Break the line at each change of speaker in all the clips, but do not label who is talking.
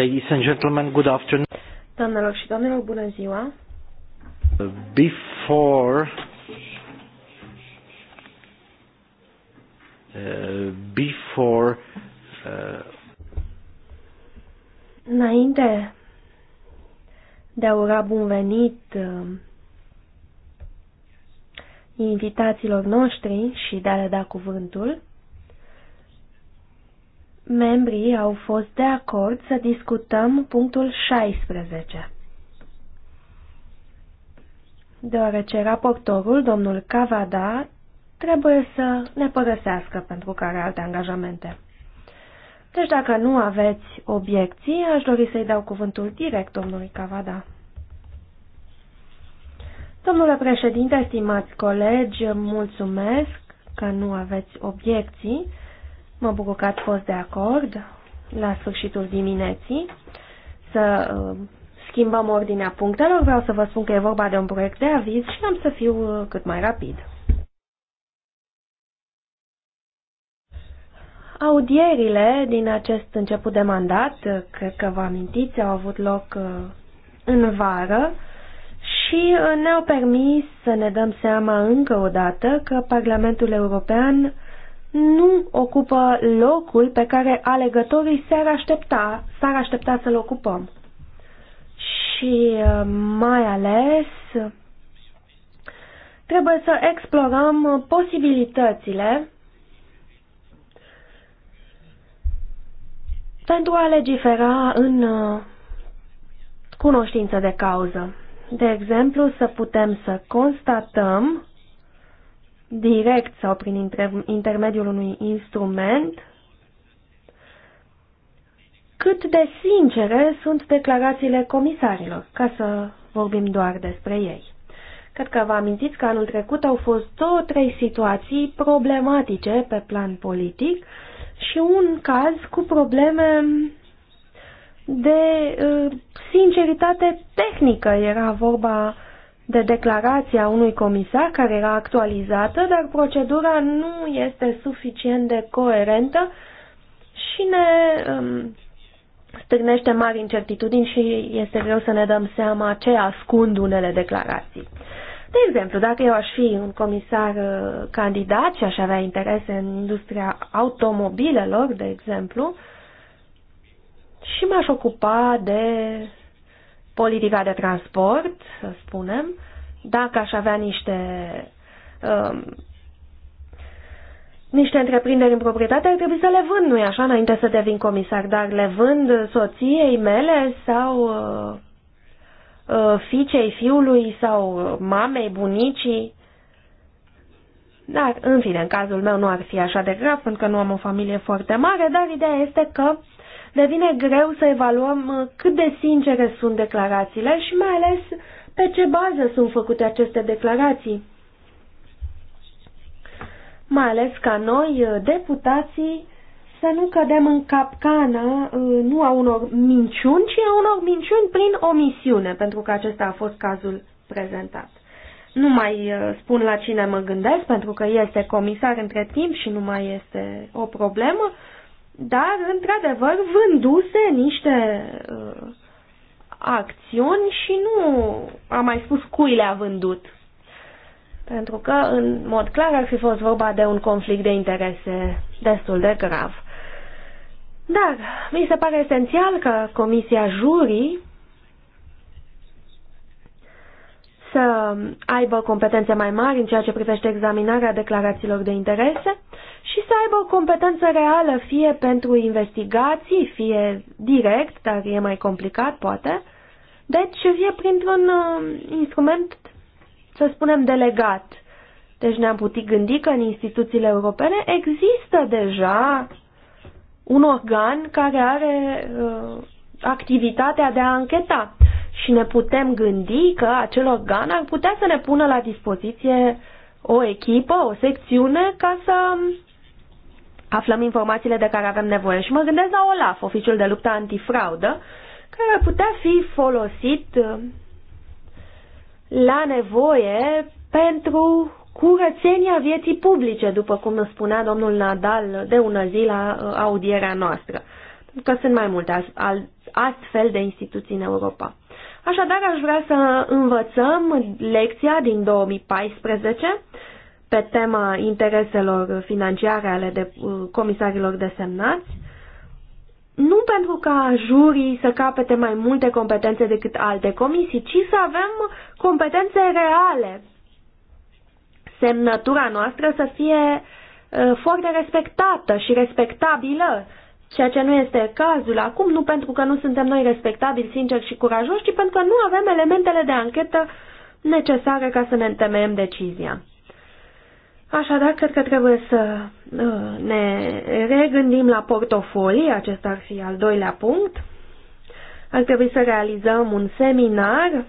Ladies and gentlemen, good afternoon.
Doamnelor și domnilor, bună ziua.
Before uh, before uh,
înainte de a ura bun venit uh, invitațiilor noștri și de a le da cuvântul, membrii au fost de acord să discutăm punctul 16. Deoarece raportorul, domnul Cavada, trebuie să ne părăsească pentru care alte angajamente. Deci dacă nu aveți obiecții, aș dori să-i dau cuvântul direct domnului Cavada. Domnule președinte, stimați colegi, mulțumesc că nu aveți obiecții. Mă bucur că ați fost de acord la sfârșitul dimineții să uh, schimbăm ordinea punctelor. Vreau să vă spun că e vorba de un proiect de aviz și am să fiu uh, cât mai rapid. Audierile din acest început de mandat, uh, cred că vă amintiți, au avut loc în vară și ne-au permis să ne dăm seama încă o dată că Parlamentul European nu ocupă locul pe care alegătorii s-ar aștepta, s-ar aștepta să-l ocupăm. Și uh, mai ales trebuie să explorăm posibilitățile pentru a legifera în uh, cunoștință de cauză. De exemplu, să putem să constatăm direct sau prin intermediul unui instrument, cât de sincere sunt declarațiile comisarilor, ca să vorbim doar despre ei. Cred că vă amintiți că anul trecut au fost două, trei situații problematice pe plan politic și un caz cu probleme de uh, sinceritate tehnică. Era vorba de declarația unui comisar care era actualizată, dar procedura nu este suficient de coerentă și ne um, stârnește mari incertitudini și este greu să ne dăm seama ce ascund unele declarații. De exemplu, dacă eu aș fi un comisar uh, candidat și aș avea interese în industria automobilelor, de exemplu, și m-aș ocupa de politica de transport, să spunem, dacă aș avea niște um, niște întreprinderi în proprietate, ar trebui să le vând, nu-i așa, înainte să devin comisar, dar le vând soției mele sau uh, uh, fiicei fiului sau mamei, bunicii. Dar, în fine, în cazul meu nu ar fi așa de grav, pentru că nu am o familie foarte mare, dar ideea este că uh, devine greu să evaluăm uh, cât de sincere sunt declarațiile și mai ales pe ce bază sunt făcute aceste declarații. Mai ales ca noi, uh, deputații, să nu cădem în capcana uh, nu a unor minciuni, ci a unor minciuni prin omisiune, pentru că acesta a fost cazul prezentat. Nu mai spun la cine mă gândesc, pentru că este comisar între timp și nu mai este o problemă, dar într-adevăr vânduse niște uh, acțiuni și nu a mai spus cui le-a vândut. Pentru că, în mod clar, ar fi fost vorba de un conflict de interese destul de grav. Dar mi se pare esențial că Comisia Jurii să aibă competențe mai mari în ceea ce privește examinarea declarațiilor de interese și să aibă o competență reală fie pentru investigații, fie direct, dar e mai complicat poate, deci fie printr-un uh, instrument, să spunem, delegat. Deci ne-am putut gândi că în instituțiile europene există deja un organ care are uh, activitatea de a ancheta și ne putem gândi că acel organ ar putea să ne pună la dispoziție o echipă, o secțiune, ca să aflăm informațiile de care avem nevoie. Și mă gândesc la OLAF, Oficiul de Luptă Antifraudă, care ar putea fi folosit uh, la nevoie pentru curățenia vieții publice, după cum spunea domnul Nadal de ună zi la uh, audierea noastră. că sunt mai multe astfel de instituții în Europa. Așadar, aș vrea să învățăm lecția din 2014 pe tema intereselor financiare ale de, uh, comisarilor desemnați, nu pentru ca jurii să capete mai multe competențe decât alte comisii, ci să avem competențe reale. Semnătura noastră să fie uh, foarte respectată și respectabilă ceea ce nu este cazul acum, nu pentru că nu suntem noi respectabili, sinceri și curajoși, ci pentru că nu avem elementele de anchetă necesare ca să ne întemeiem decizia. Așadar, cred că trebuie să uh, ne regândim la portofolii, acesta ar fi al doilea punct. Ar trebui să realizăm un seminar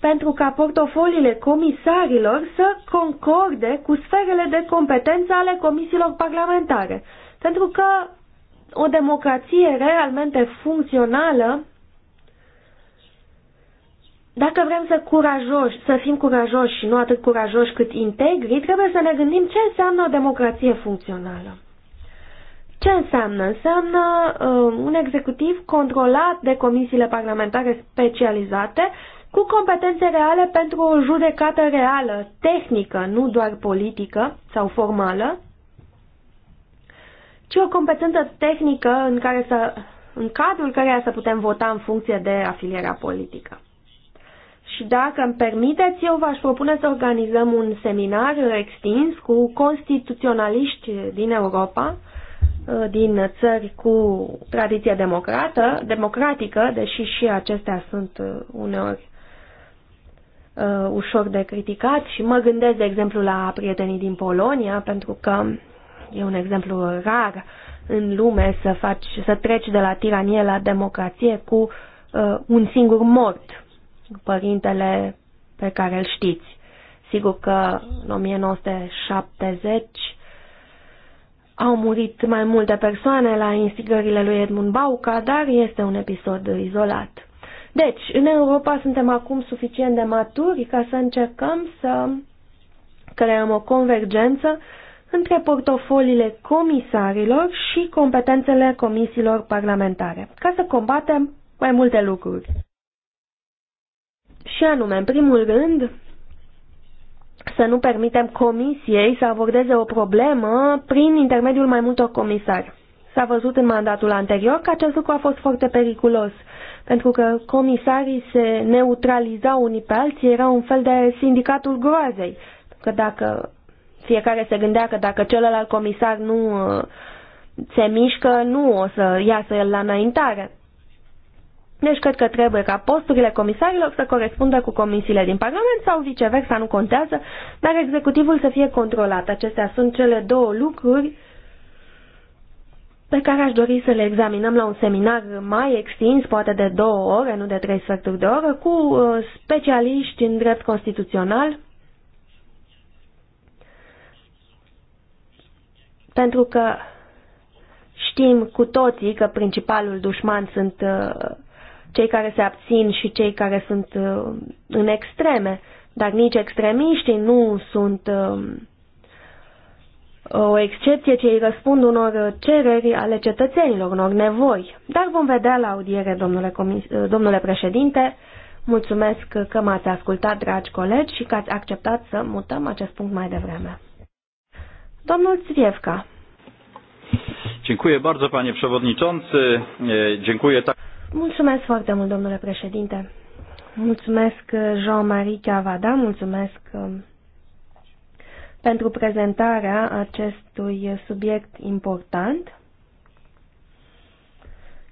pentru ca portofoliile comisarilor să concorde cu sferele de competență ale comisiilor parlamentare. Pentru că o democrație realmente funcțională, dacă vrem să, curajoși, să fim curajoși și nu atât curajoși cât integri, trebuie să ne gândim ce înseamnă o democrație funcțională. Ce înseamnă? Înseamnă uh, un executiv controlat de comisiile parlamentare specializate cu competențe reale pentru o judecată reală, tehnică, nu doar politică sau formală, ci o competență tehnică în, care să, în cadrul căreia să putem vota în funcție de afilierea politică. Și dacă îmi permiteți, eu v-aș propune să organizăm un seminar extins cu constituționaliști din Europa, din țări cu tradiție democrată, democratică, deși și acestea sunt uneori uh, ușor de criticat și mă gândesc, de exemplu, la prietenii din Polonia, pentru că e un exemplu rar în lume să, faci, să treci de la tiranie la democrație cu uh, un singur mort, părintele pe care îl știți. Sigur că în 1970 au murit mai multe persoane la instigările lui Edmund Bauca, dar este un episod izolat. Deci, în Europa suntem acum suficient de maturi ca să încercăm să creăm o convergență între portofoliile comisarilor și competențele comisiilor parlamentare, ca să combatem mai multe lucruri. Și anume, în primul rând, să nu permitem comisiei să abordeze o problemă prin intermediul mai multor comisari. S-a văzut în mandatul anterior că acest lucru a fost foarte periculos – pentru că comisarii se neutralizau unii pe alții, era un fel de sindicatul groazei. Că dacă fiecare se gândea că dacă celălalt comisar nu uh, se mișcă, nu o să iasă el la înaintare. Deci cred că trebuie ca posturile comisarilor să corespundă cu comisiile din Parlament sau viceversa, nu contează, dar executivul să fie controlat. Acestea sunt cele două lucruri pe care aș dori să le examinăm la un seminar mai extins, poate de două ore, nu de trei sferturi de oră, cu uh, specialiști în drept constituțional, pentru că știm cu toții că principalul dușman sunt uh, cei care se abțin și cei care sunt uh, în extreme, dar nici extremiștii nu sunt o excepție ce îi răspund unor cereri ale cetățenilor, unor nevoi. Dar vom vedea la audiere, domnule, comis domnule președinte. Mulțumesc că m-ați ascultat, dragi colegi, și că ați acceptat să mutăm acest punct mai devreme. Domnul Țvievca.
Dziękuję bardzo, panie przewodniczący. Dziękuję tak.
Mulțumesc foarte mult, domnule președinte. Mulțumesc Jean-Marie Cavada, mulțumesc pentru prezentarea acestui subiect important.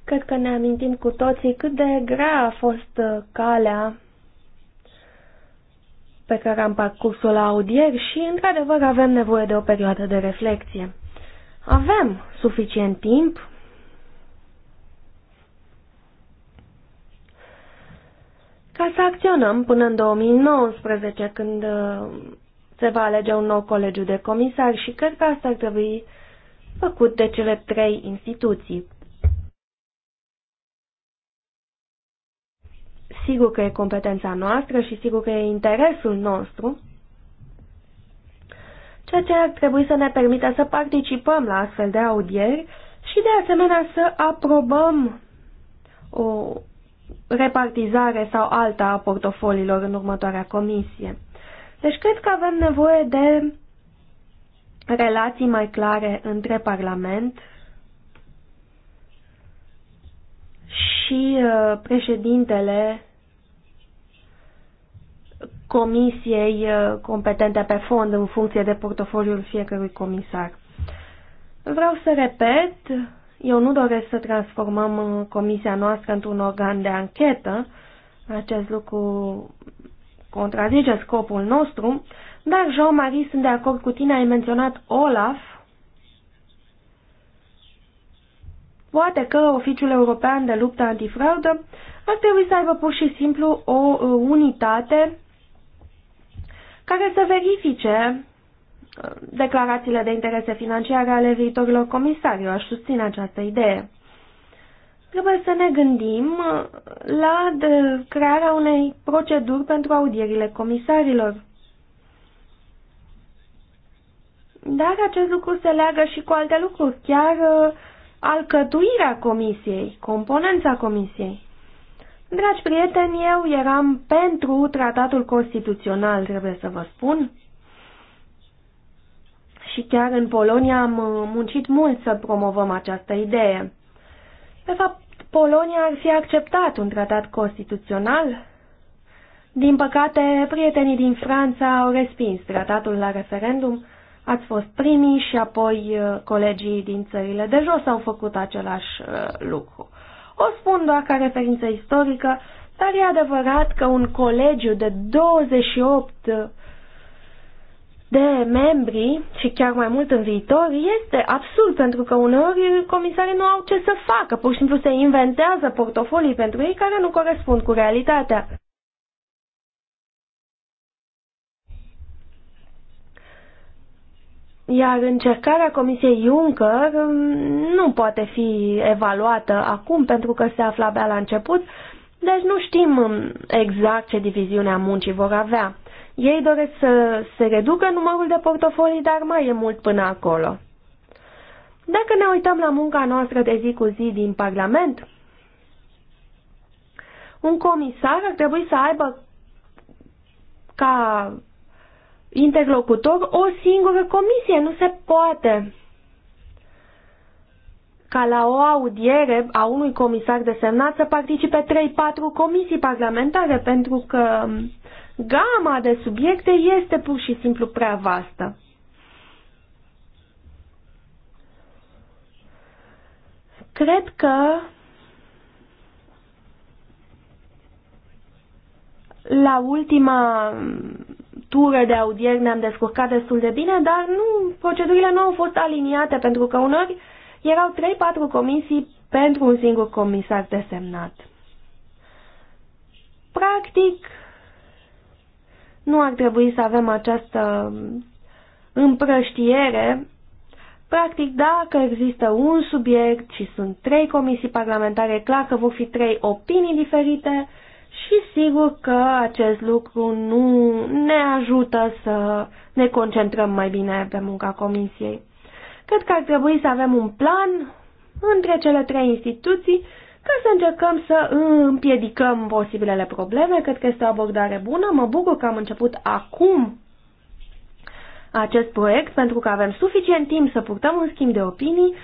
Cred că ne amintim cu toții cât de grea a fost calea pe care am parcurs-o la audieri și, într-adevăr, avem nevoie de o perioadă de reflexie. Avem suficient timp. Ca să acționăm până în 2019, când uh, se va alege un nou colegiu de comisari și cred că asta ar trebui făcut de cele trei instituții. Sigur că e competența noastră și sigur că e interesul nostru, ceea ce ar trebui să ne permită să participăm la astfel de audieri și de asemenea să aprobăm o repartizare sau alta a portofoliilor în următoarea comisie. Deci cred că avem nevoie de relații mai clare între Parlament și uh, președintele comisiei uh, competente pe fond în funcție de portofoliul fiecărui comisar. Vreau să repet, eu nu doresc să transformăm uh, comisia noastră într-un organ de anchetă. Acest lucru contrazice scopul nostru, dar, Jean-Marie, sunt de acord cu tine, ai menționat Olaf. Poate că Oficiul European de Luptă Antifraudă ar trebui să aibă pur și simplu o uh, unitate care să verifice uh, declarațiile de interese financiare ale viitorilor comisari. Eu aș susține această idee. Trebuie să ne gândim uh, la crearea unei proceduri pentru audierile comisarilor. Dar acest lucru se leagă și cu alte lucruri, chiar uh, alcătuirea comisiei, componența comisiei. Dragi prieteni, eu eram pentru tratatul constituțional, trebuie să vă spun. Și chiar în Polonia am uh, muncit mult să promovăm această idee. De fapt, Polonia ar fi acceptat un tratat constituțional? Din păcate, prietenii din Franța au respins tratatul la referendum, ați fost primii și apoi uh, colegii din țările de jos au făcut același uh, lucru. O spun doar ca referință istorică, dar e adevărat că un colegiu de 28 de membri și chiar mai mult în viitor este absurd pentru că uneori comisarii nu au ce să facă, pur și simplu se inventează portofolii pentru ei care nu corespund cu realitatea. Iar încercarea Comisiei Juncker mm, nu poate fi evaluată acum pentru că se afla abia la început, deci nu știm mm, exact ce diviziune a muncii vor avea. Ei doresc să se reducă numărul de portofolii, dar mai e mult până acolo. Dacă ne uităm la munca noastră de zi cu zi din Parlament, un comisar ar trebui să aibă ca interlocutor o singură comisie. Nu se poate ca la o audiere a unui comisar desemnat să participe 3-4 comisii parlamentare, pentru că gama de subiecte este pur și simplu prea vastă. Cred că la ultima tură de audieri ne-am descurcat destul de bine, dar nu, procedurile nu au fost aliniate pentru că unor erau 3-4 comisii pentru un singur comisar desemnat. Practic, nu ar trebui să avem această împrăștiere. Practic, dacă există un subiect și sunt trei comisii parlamentare, e clar că vor fi trei opinii diferite și sigur că acest lucru nu ne ajută să ne concentrăm mai bine pe munca comisiei. Cred că ar trebui să avem un plan între cele trei instituții ca să încercăm să împiedicăm posibilele probleme. Cred că este o abordare bună. Mă bucur că am început acum acest proiect pentru că avem suficient timp să purtăm un schimb de opinii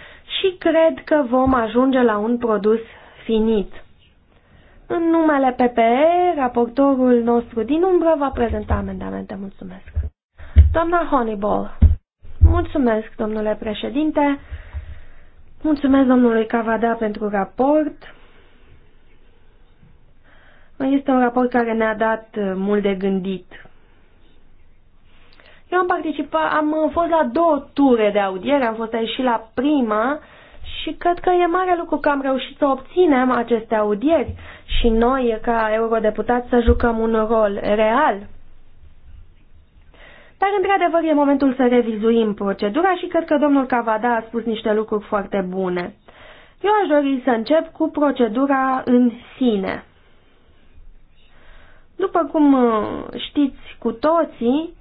și cred că vom ajunge la un produs finit. În numele PPE, raportorul nostru din umbră va prezenta amendamente. Mulțumesc. Doamna Honeyball. Mulțumesc, domnule președinte. Mulțumesc domnului Cavada pentru raport. Este un raport care ne-a dat mult de gândit. Eu am participat, am fost la două ture de audiere, am fost aici și la prima și cred că e mare lucru că am reușit să obținem aceste audieri și noi, ca eurodeputați, să jucăm un rol real. Dar, într-adevăr, e momentul să revizuim procedura și cred că domnul Cavada a spus niște lucruri foarte bune. Eu aș dori să încep cu procedura în sine. După cum uh, știți cu toții,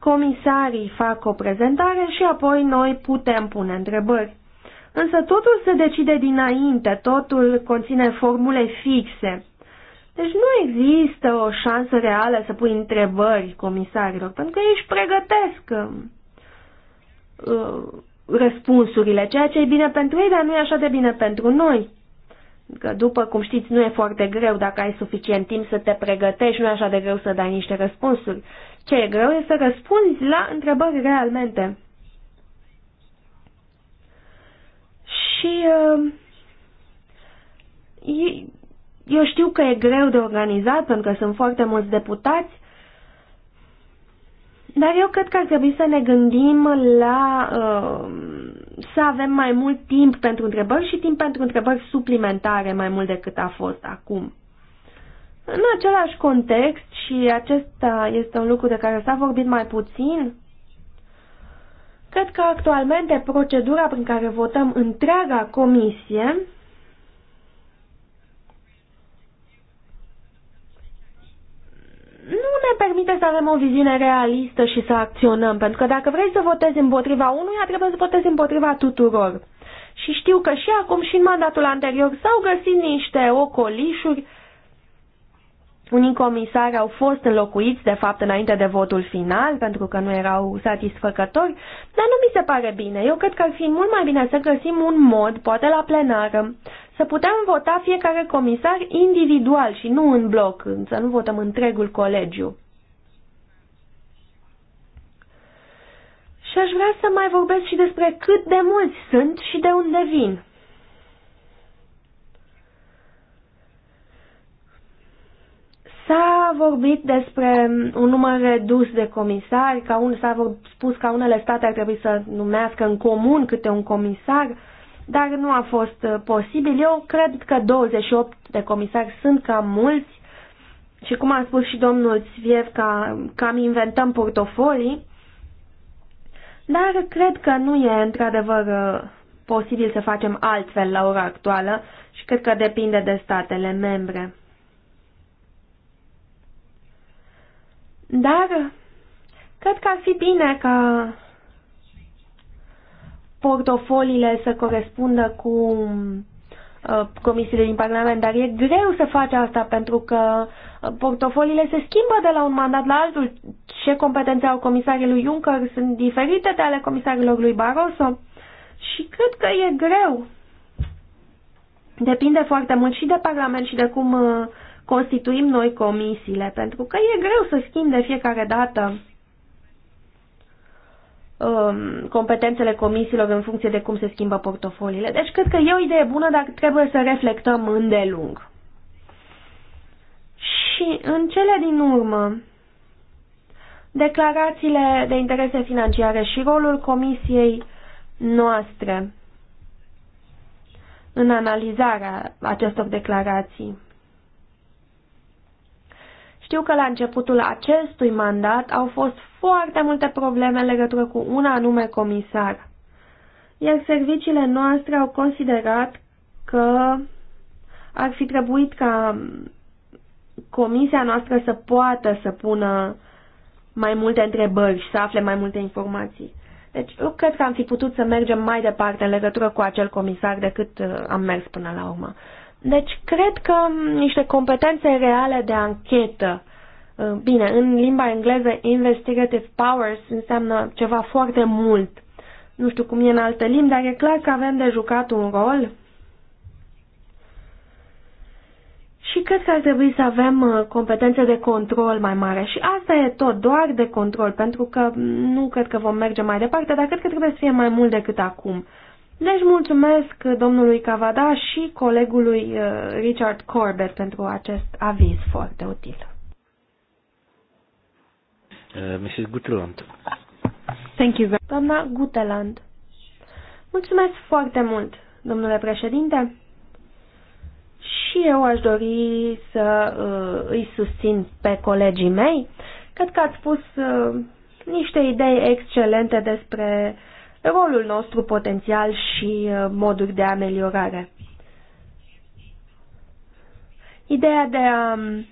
comisarii fac o prezentare și apoi noi putem pune întrebări. Însă totul se decide dinainte, totul conține formule fixe. Deci nu există o șansă reală să pui întrebări comisarilor, pentru că ei își pregătesc um, uh, răspunsurile, ceea ce e bine pentru ei, dar nu e așa de bine pentru noi. Că după cum știți, nu e foarte greu dacă ai suficient timp să te pregătești, nu e așa de greu să dai niște răspunsuri. Ce e greu e să răspunzi la întrebări realmente. Și uh, eu știu că e greu de organizat pentru că sunt foarte mulți deputați, dar eu cred că ar trebui să ne gândim la uh, să avem mai mult timp pentru întrebări și timp pentru întrebări suplimentare mai mult decât a fost acum. În același context, și acesta este un lucru de care s-a vorbit mai puțin, cred că actualmente procedura prin care votăm întreaga comisie nu ne permite să avem o viziune realistă și să acționăm, pentru că dacă vrei să votezi împotriva unuia, trebuie să votezi împotriva tuturor. Și știu că și acum și în mandatul anterior s-au găsit niște ocolișuri. Unii comisari au fost înlocuiți, de fapt, înainte de votul final, pentru că nu erau satisfăcători, dar nu mi se pare bine. Eu cred că ar fi mult mai bine să găsim un mod, poate la plenară, să putem vota fiecare comisar individual și nu în bloc, să nu votăm întregul colegiu. Și aș vrea să mai vorbesc și despre cât de mulți sunt și de unde vin. S-a vorbit despre un număr redus de comisari, ca un, s-a spus că unele state ar trebui să numească în comun câte un comisar dar nu a fost uh, posibil. Eu cred că 28 de comisari sunt cam mulți și cum a spus și domnul Sviev, ca, cam inventăm portofolii, dar cred că nu e într-adevăr uh, posibil să facem altfel la ora actuală și cred că depinde de statele membre. Dar cred că ar fi bine ca portofoliile să corespundă cu uh, comisiile din Parlament, dar e greu să faci asta pentru că uh, portofoliile se schimbă de la un mandat la altul. Ce competențe au comisarii lui Juncker sunt diferite de ale comisarilor lui Barroso și cred că e greu. Depinde foarte mult și de Parlament și de cum uh, constituim noi comisiile, pentru că e greu să schimbi de fiecare dată Um, competențele comisiilor în funcție de cum se schimbă portofoliile. Deci cred că e o idee bună, dar trebuie să reflectăm îndelung. Și în cele din urmă, declarațiile de interese financiare și rolul comisiei noastre în analizarea acestor declarații. Știu că la începutul acestui mandat au fost foarte multe probleme în legătură cu un anume comisar, iar serviciile noastre au considerat că ar fi trebuit ca comisia noastră să poată să pună mai multe întrebări și să afle mai multe informații. Deci eu cred că am fi putut să mergem mai departe în legătură cu acel comisar decât uh, am mers până la urmă. Deci, cred că niște competențe reale de anchetă, uh, bine, în limba engleză, investigative powers înseamnă ceva foarte mult. Nu știu cum e în alte limbi, dar e clar că avem de jucat un rol. Și cred că ar trebui să avem uh, competențe de control mai mare. Și asta e tot, doar de control, pentru că mm, nu cred că vom merge mai departe, dar cred că trebuie să fie mai mult decât acum. Deci mulțumesc domnului Cavada și colegului uh, Richard Corbett pentru acest aviz foarte util.
Uh, Mrs. Guteland.
Thank you very much. Doamna Guteland. Mulțumesc foarte mult, domnule președinte. Și eu aș dori să uh, îi susțin pe colegii mei. Cred că ați spus uh, niște idei excelente despre uh, rolul nostru potențial și uh, moduri de ameliorare. Ideea de a um,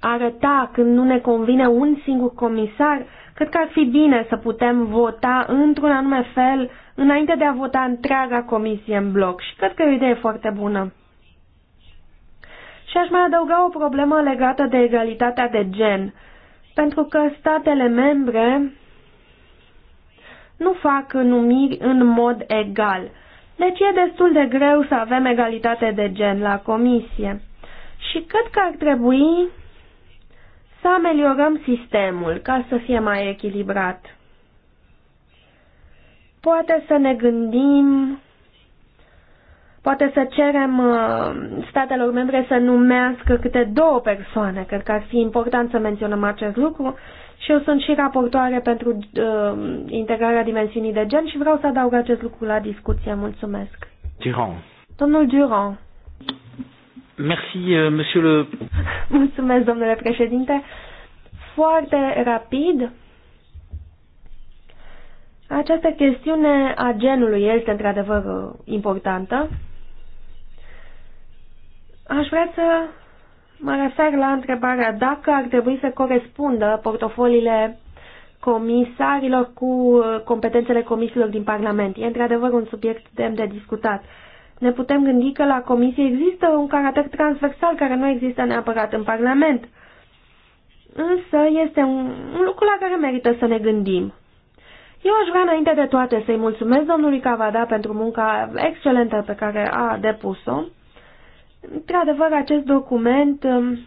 arăta când nu ne convine un singur comisar, cred că ar fi bine să putem vota într-un anume fel înainte de a vota întreaga comisie în bloc și cred că e o idee foarte bună. Și aș mai adăuga o problemă legată de egalitatea de gen, pentru că statele membre nu fac numiri în mod egal. Deci e destul de greu să avem egalitate de gen la comisie. Și cât că ar trebui să ameliorăm sistemul ca să fie mai echilibrat. Poate să ne gândim, poate să cerem uh, statelor membre să numească câte două persoane, cred că ar fi important să menționăm acest lucru, și eu sunt și raportoare pentru uh, integrarea dimensiunii de gen și vreau să adaug acest lucru la discuție. Mulțumesc. Durand. Domnul Durand.
Merci, euh, monsieur le...
Mulțumesc, domnule președinte. Foarte rapid, această chestiune a genului este într-adevăr uh, importantă. Aș vrea să Mă refer la întrebarea dacă ar trebui să corespundă portofoliile comisarilor cu uh, competențele comisiilor din Parlament. E într-adevăr un subiect demn de discutat. Ne putem gândi că la comisie există un caracter transversal care nu există neapărat în Parlament. Însă este un, un lucru la care merită să ne gândim. Eu aș vrea înainte de toate să-i mulțumesc domnului Cavada pentru munca excelentă pe care a depus-o Într-adevăr, acest document um,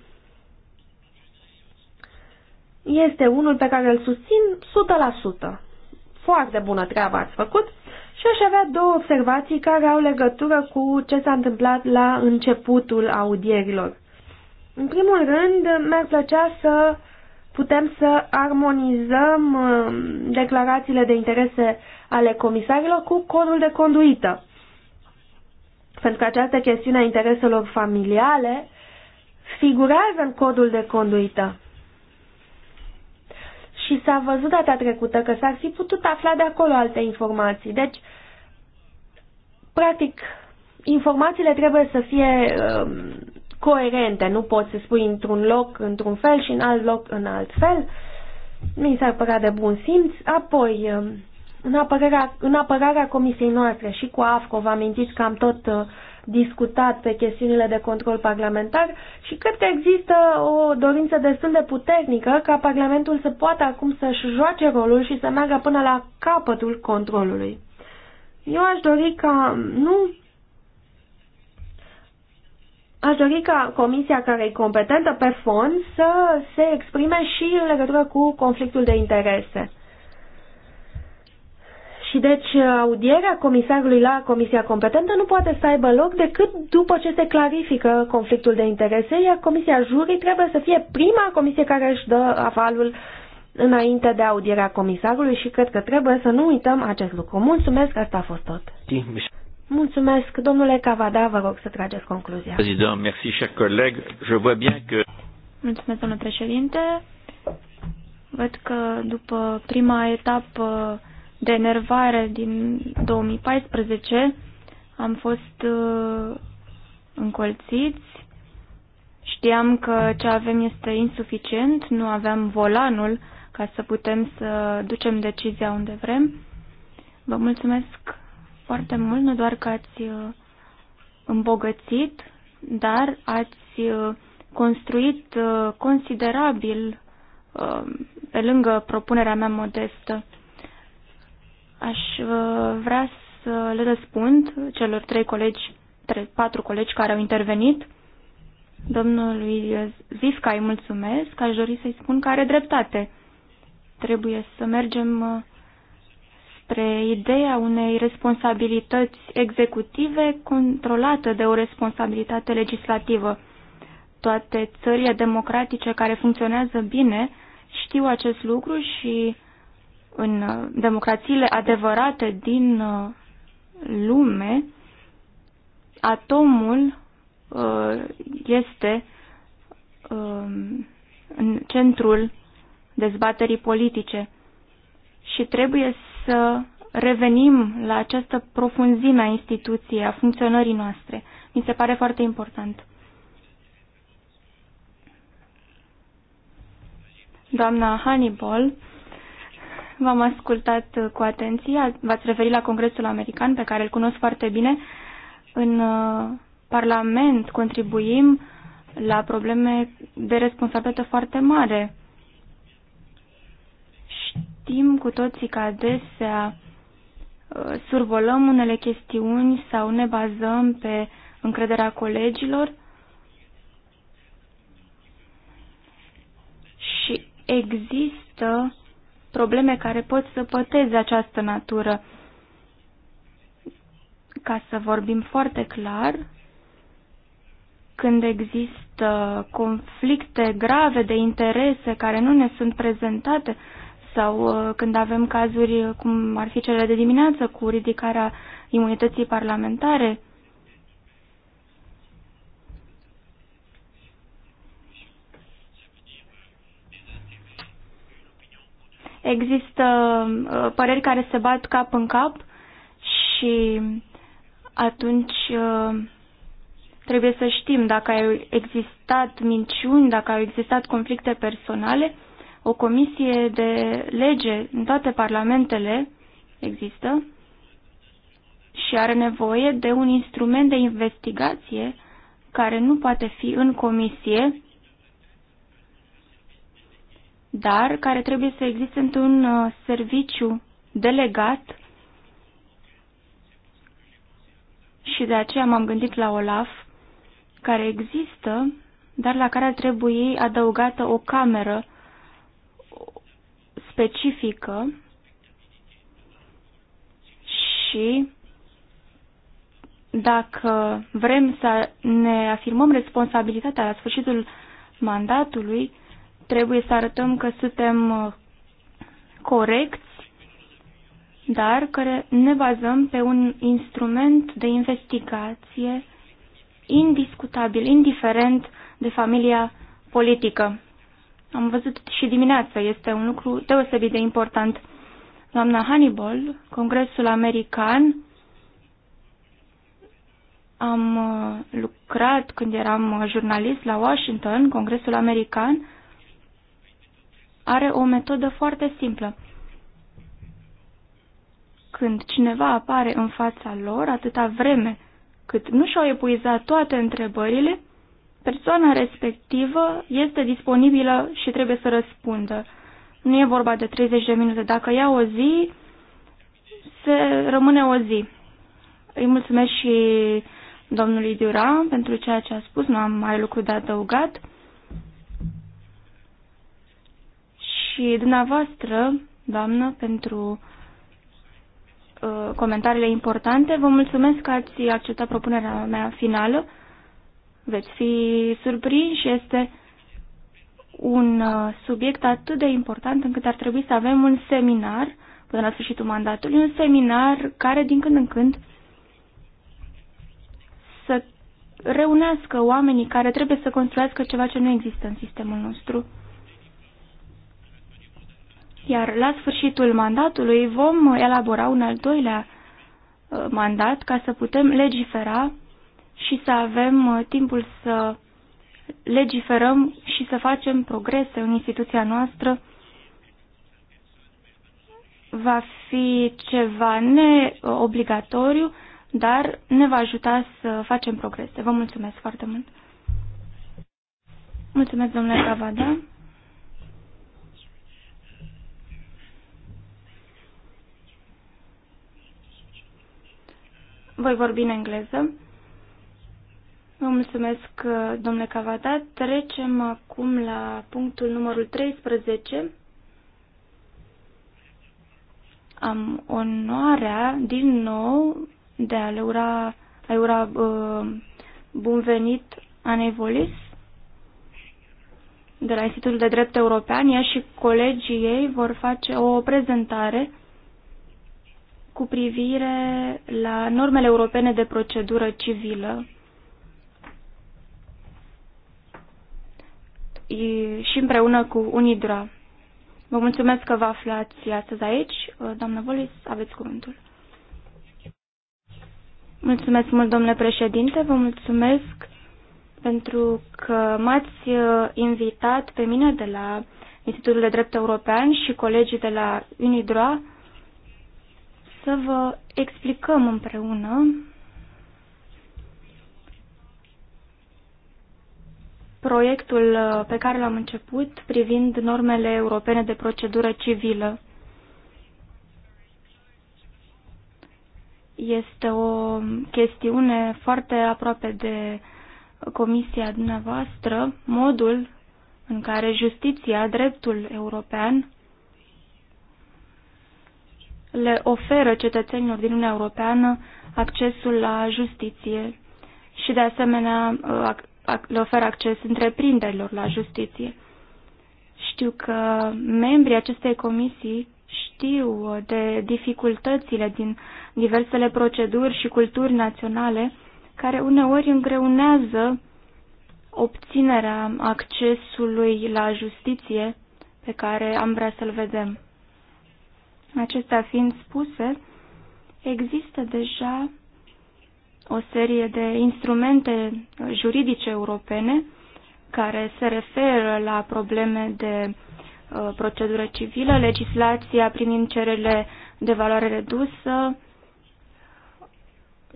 este unul pe care îl susțin 100%. Foarte bună treabă ați făcut și aș avea două observații care au legătură cu ce s-a întâmplat la începutul audierilor. În primul rând, mi-ar plăcea să putem să armonizăm um, declarațiile de interese ale comisarilor cu codul de conduită pentru că această chestiune a intereselor familiale figurează în codul de conduită. Și s-a văzut data trecută că s-ar fi putut afla de acolo alte informații. Deci, practic, informațiile trebuie să fie um, coerente. Nu poți să spui într-un loc într-un fel și în alt loc în alt fel. Mi s-ar părea de bun simț. Apoi, um, în apărarea, în apărarea comisiei noastre și cu AFCO, vă amintiți că am tot uh, discutat pe chestiunile de control parlamentar și cred că există o dorință destul de puternică ca Parlamentul să poată acum să-și joace rolul și să meargă până la capătul controlului. Eu aș dori ca nu Aș dori ca comisia care e competentă pe fond să se exprime și în legătură cu conflictul de interese. Și deci uh, audierea comisarului la comisia competentă nu poate să aibă loc decât după ce se clarifică conflictul de interese, iar comisia jurii trebuie să fie prima comisie care își dă avalul înainte de audierea comisarului și cred că trebuie să nu uităm acest lucru. Mulțumesc, asta a fost tot. Mulțumesc, domnule Cavada, vă rog să trageți concluzia. Président, merci, cher collègue. Je vois bien que... Mulțumesc, domnule președinte.
Văd că după prima etapă de enervare din 2014 am fost uh, încolțiți, știam că ce avem este insuficient, nu aveam volanul ca să putem să ducem decizia unde vrem. Vă mulțumesc foarte mult, nu doar că ați uh, îmbogățit, dar ați uh, construit uh, considerabil pe lângă propunerea mea modestă. Aș uh, vrea să le răspund celor trei colegi, trei, patru colegi care au intervenit. Domnului Zisca îi mulțumesc, aș dori să-i spun că are dreptate. Trebuie să mergem uh, spre ideea unei responsabilități executive controlată de o responsabilitate legislativă. Toate țările democratice care funcționează bine știu acest lucru și în uh, democrațiile adevărate din uh, lume, atomul uh, este um, în centrul dezbaterii politice și trebuie să revenim la această profunzime a instituției, a funcționării noastre. Mi se pare foarte important. Doamna Hannibal v-am ascultat cu atenție, v-ați referit la Congresul American, pe care îl cunosc foarte bine. În uh, Parlament contribuim la probleme de responsabilitate foarte mare. Știm cu toții că adesea uh, survolăm unele chestiuni sau ne bazăm pe încrederea colegilor și există probleme care pot să păteze această natură. Ca să vorbim foarte clar, când există conflicte grave de interese care nu ne sunt prezentate sau uh, când avem cazuri cum ar fi cele de dimineață cu ridicarea imunității parlamentare, Există uh, păreri care se bat cap în cap și atunci uh, trebuie să știm dacă au existat minciuni, dacă au existat conflicte personale. O comisie de lege în toate parlamentele există și are nevoie de un instrument de investigație care nu poate fi în comisie dar care trebuie să existe într-un uh, serviciu delegat și de aceea m-am gândit la OLAF, care există, dar la care ar trebui adăugată o cameră specifică și dacă vrem să ne afirmăm responsabilitatea la sfârșitul mandatului, Trebuie să arătăm că suntem uh, corecți, dar că ne bazăm pe un instrument de investigație indiscutabil, indiferent de familia politică. Am văzut și dimineața, este un lucru deosebit de important. Doamna Hannibal, Congresul American, am uh, lucrat când eram uh, jurnalist la Washington, Congresul American, are o metodă foarte simplă. Când cineva apare în fața lor, atâta vreme cât nu și-au epuizat toate întrebările, persoana respectivă este disponibilă și trebuie să răspundă. Nu e vorba de 30 de minute. Dacă ia o zi, se rămâne o zi. Îi mulțumesc și domnului Dura pentru ceea ce a spus, nu am mai lucru de adăugat. și dumneavoastră, doamnă, pentru uh, comentariile importante. Vă mulțumesc că ați acceptat propunerea mea finală. Veți fi surprinși, este un uh, subiect atât de important încât ar trebui să avem un seminar până la sfârșitul mandatului, un seminar care din când în când să reunească oamenii care trebuie să construiască ceva ce nu există în sistemul nostru. Iar la sfârșitul mandatului vom elabora un al doilea uh, mandat ca să putem legifera și să avem uh, timpul să legiferăm și să facem progrese în instituția noastră va fi ceva neobligatoriu, dar ne va ajuta să facem progrese. Vă mulțumesc foarte mult! Mulțumesc, domnule Cavada! voi vorbi în engleză. Vă mulțumesc, domnule Cavada. Trecem acum la punctul numărul 13. Am onoarea, din nou, de a le ura, a ura uh, bun venit Anei Volis de la Institutul de Drept European. Ea și colegii ei vor face o prezentare cu privire la normele europene de procedură civilă și împreună cu UNIDRA. Vă mulțumesc că vă aflați astăzi aici. Doamna Volis, aveți cuvântul. Mulțumesc mult, domnule președinte, vă mulțumesc pentru că m-ați uh, invitat pe mine de la Institutul de Drept European și colegii de la UNIDRA să vă explicăm împreună proiectul uh, pe care l-am început privind normele europene de procedură civilă. Este o chestiune foarte aproape de comisia dumneavoastră, modul în care justiția, dreptul european, le oferă cetățenilor din Uniunea Europeană accesul la justiție și, de asemenea, uh, le oferă acces întreprinderilor la justiție. Știu că membrii acestei comisii știu uh, de dificultățile din diversele proceduri și culturi naționale care uneori îngreunează obținerea accesului la justiție pe care am vrea să-l vedem. Acestea fiind spuse, există deja o serie de instrumente juridice europene care se referă la probleme de uh, procedură civilă, legislația privind cererile de valoare redusă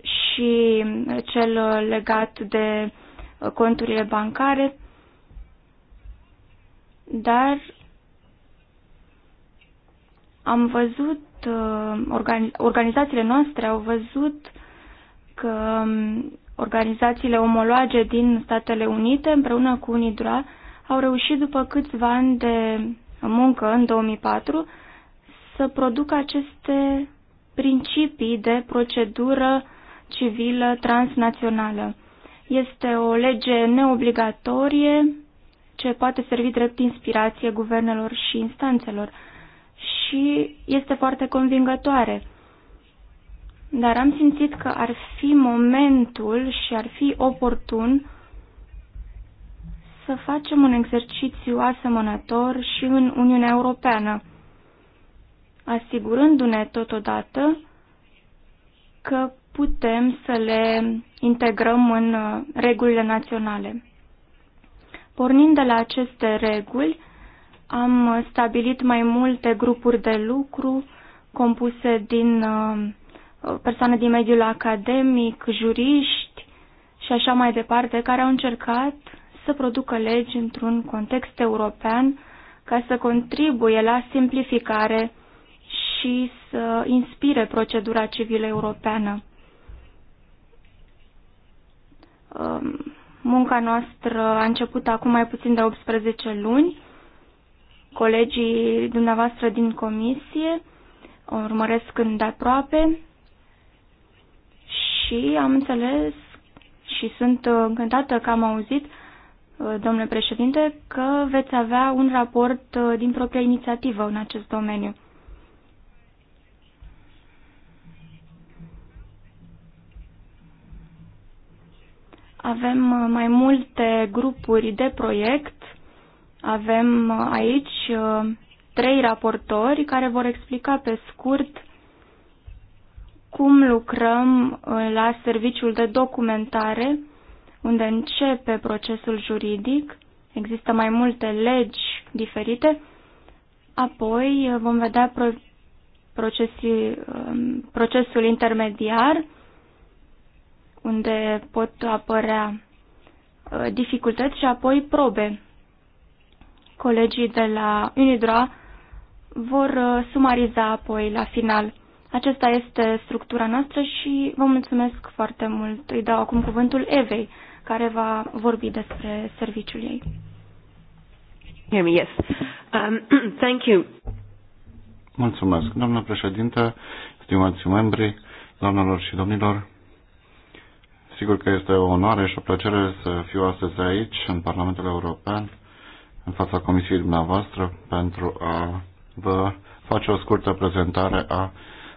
și cel legat de uh, conturile bancare, dar am văzut, uh, organizațiile noastre au văzut că um, organizațiile omologe din Statele Unite împreună cu UNIDRA au reușit după câțiva ani de muncă în 2004 să producă aceste principii de procedură civilă transnațională. Este o lege neobligatorie ce poate servi drept inspirație guvernelor și instanțelor și este foarte convingătoare. Dar am simțit că ar fi momentul și ar fi oportun să facem un exercițiu asemănător și în Uniunea Europeană, asigurându-ne totodată că putem să le integrăm în uh, regulile naționale. Pornind de la aceste reguli, am stabilit mai multe grupuri de lucru compuse din uh, persoane din mediul academic, juriști și așa mai departe, care au încercat să producă legi într-un context european ca să contribuie la simplificare și să inspire procedura civilă europeană. Um, munca noastră a început acum mai puțin de 18 luni colegii dumneavoastră din comisie, o urmăresc îndeaproape și am înțeles și sunt încântată că am auzit, domnule președinte, că veți avea un raport uh, din propria inițiativă în acest domeniu. Avem uh, mai multe grupuri de proiect avem uh, aici uh, trei raportori care vor explica pe scurt cum lucrăm uh, la serviciul de documentare, unde începe procesul juridic. Există mai multe legi diferite. Apoi vom vedea pro procesi, um, procesul intermediar, unde pot apărea dificultăți și apoi probe. Colegii de la Unidra vor uh, sumariza apoi la final. Acesta este structura noastră și vă mulțumesc foarte mult. Îi dau acum cuvântul Evei, care va vorbi despre serviciul ei. Hear me, yes. Um, thank you.
Mulțumesc, doamnă președintă, stimați membri, doamnelor și domnilor. Sigur că este o onoare și o plăcere să fiu astăzi aici, în Parlamentul European, în fața comisiei dumneavoastră pentru a vă face o scurtă prezentare a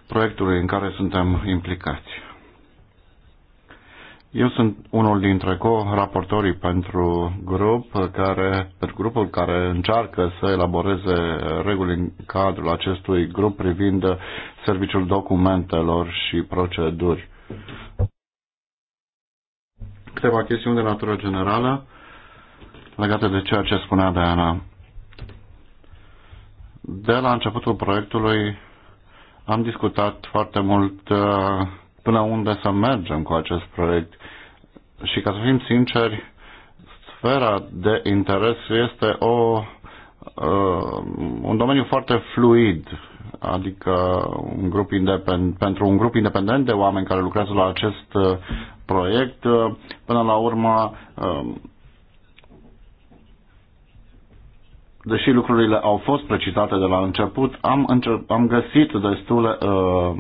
proiectului în care suntem implicați. Eu sunt unul dintre co-raportorii pentru grup care, pentru grupul care încearcă să elaboreze reguli în cadrul acestui grup privind serviciul documentelor și proceduri. Câteva chestiuni de natură generală legate de ceea ce spunea Diana. De la începutul proiectului am discutat foarte mult uh, până unde să mergem cu acest proiect și ca să fim sinceri, sfera de interes este o, uh, un domeniu foarte fluid, adică un grup independ, pentru un grup independent de oameni care lucrează la acest uh, proiect, până la urmă deși lucrurile au fost precizate de la început, am, am găsit destule uh,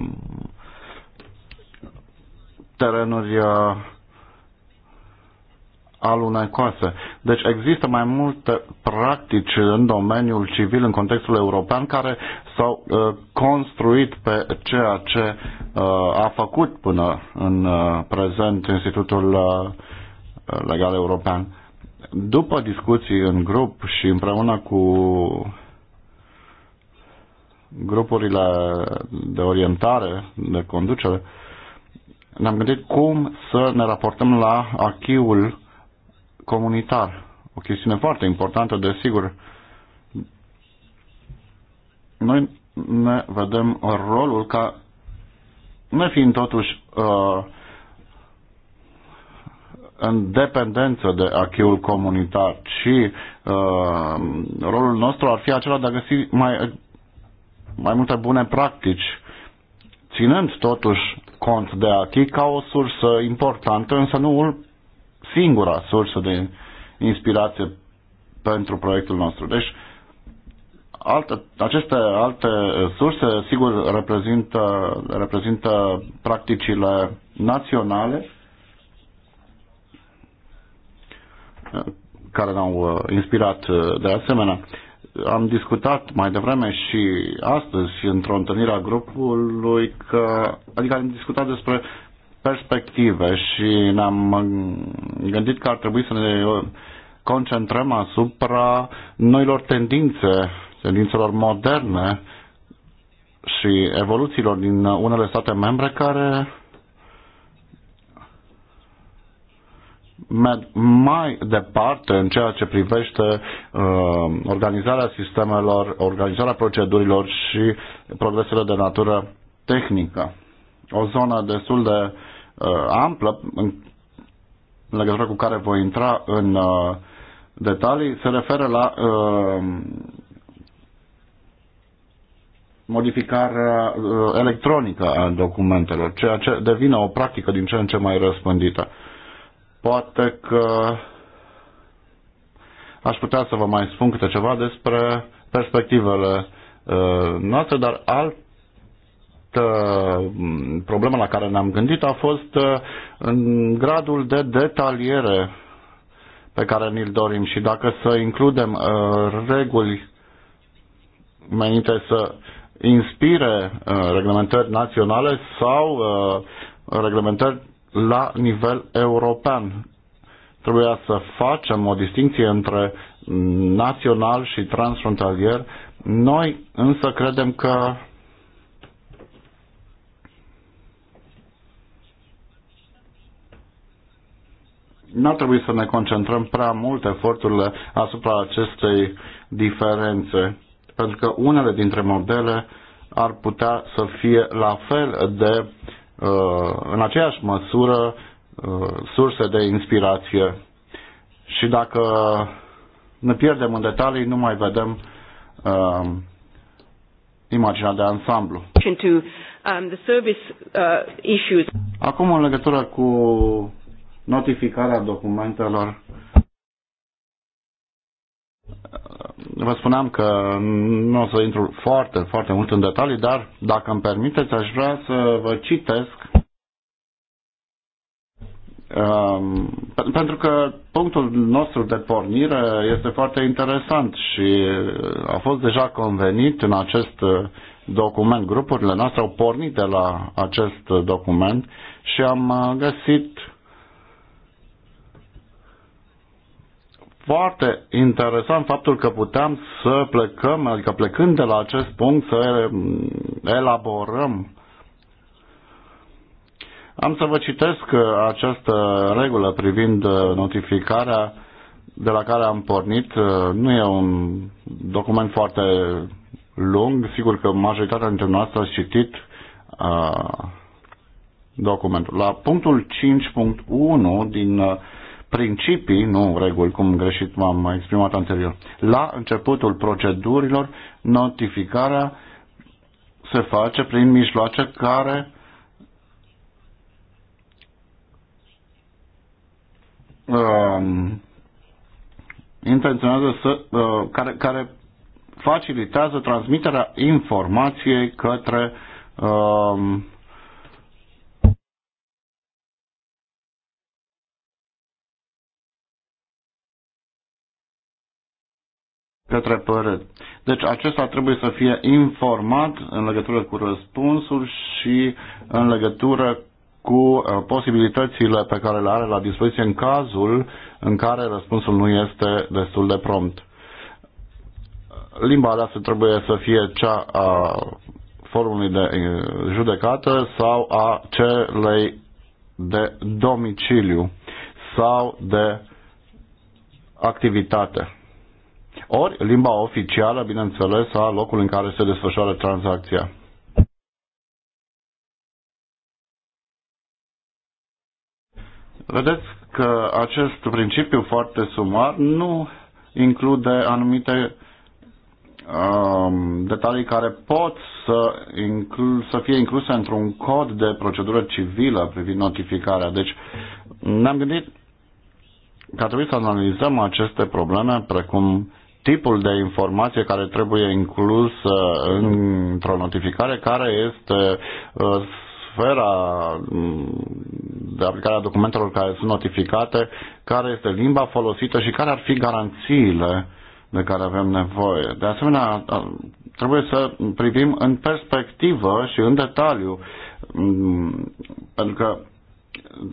terenuri uh, alunecoase. Deci există mai multe practici în domeniul civil, în contextul european, care s-au uh, construit pe ceea ce uh, a făcut până în uh, prezent Institutul uh, Legal European. După discuții în grup și împreună cu grupurile de orientare, de conducere, ne-am gândit cum să ne raportăm la achiul comunitar. O chestiune foarte importantă, desigur. Noi ne vedem rolul ca, ne fiind totuși uh, în dependență de acheul comunitar, ci uh, rolul nostru ar fi acela de a găsi mai, mai multe bune practici, ținând totuși cont de achi ca o sursă importantă, însă nu singura sursă de inspirație pentru proiectul nostru. Deci, alte, aceste alte surse, sigur, reprezintă, reprezintă practicile naționale, care ne-au uh, inspirat uh, de asemenea. Am discutat mai devreme și astăzi într-o întâlnire a grupului că, adică am discutat despre perspective și ne-am gândit că ar trebui să ne uh, concentrăm asupra noilor tendințe, tendințelor moderne și evoluțiilor din unele state membre care merg mai departe în ceea ce privește uh, organizarea sistemelor, organizarea procedurilor și progresele de natură tehnică. O zonă destul de uh, amplă în legătură cu care voi intra în uh, detalii se referă la uh, modificarea uh, electronică a documentelor, ceea ce devine o practică din ce în ce mai răspândită. Uh, Poate că aș putea să vă mai spun câte ceva despre perspectivele uh, noastre, dar alt mm, problemă la care ne-am gândit a fost uh, în gradul de detaliere pe care ni-l dorim și dacă să includem uh, reguli menite să inspire reglementări naționale sau reglementări la nivel european. Trebuia să facem o distinție între național și transfrontalier. Noi însă credem că nu ar trebui să ne concentrăm prea mult eforturile asupra acestei diferențe, pentru că unele dintre modele ar putea să fie la fel de Uh, în aceeași măsură uh, surse de inspirație și dacă ne pierdem în detalii, nu mai vedem uh, imaginea de ansamblu.
Um, uh,
Acum, în legătură cu notificarea documentelor vă spuneam că nu o să intru foarte, foarte mult în detalii, dar dacă îmi permiteți, aș vrea să vă citesc um, pentru că punctul nostru de pornire este foarte interesant și uh, a fost deja convenit în acest uh, document. Grupurile noastre au pornit de la acest document și am uh, găsit foarte interesant faptul că puteam să plecăm, adică plecând de la acest punct, să elaborăm. Am să vă citesc uh, această regulă privind uh, notificarea de la care am pornit. Uh, nu e un document foarte lung, sigur că majoritatea dintre noastre a citit documentul. La punctul 5.1 din principii, nu reguli, cum greșit m-am exprimat anterior. La începutul procedurilor, notificarea se face prin mijloace care uh, intenționează să, uh, care, care facilitează transmiterea informației către uh, către părât. Deci acesta trebuie să fie informat în legătură cu răspunsul și în legătură cu uh, posibilitățile pe care le are la dispoziție în cazul în care răspunsul nu este destul de prompt. Limba aleasă trebuie să fie cea a formului de uh, judecată sau a celei de domiciliu sau de activitate ori limba oficială, bineînțeles, a locului în care se desfășoară tranzacția. Vedeți că acest principiu foarte sumar nu include anumite um, detalii care pot să, să fie incluse într-un cod de procedură civilă privind notificarea. Deci ne-am gândit că trebuie să analizăm aceste probleme precum tipul de informație care trebuie inclus uh, într-o notificare, care este uh, sfera mm, de aplicare a documentelor care sunt notificate, care este limba folosită și care ar fi garanțiile de care avem nevoie. De asemenea, trebuie să privim în perspectivă și în detaliu, mm, pentru că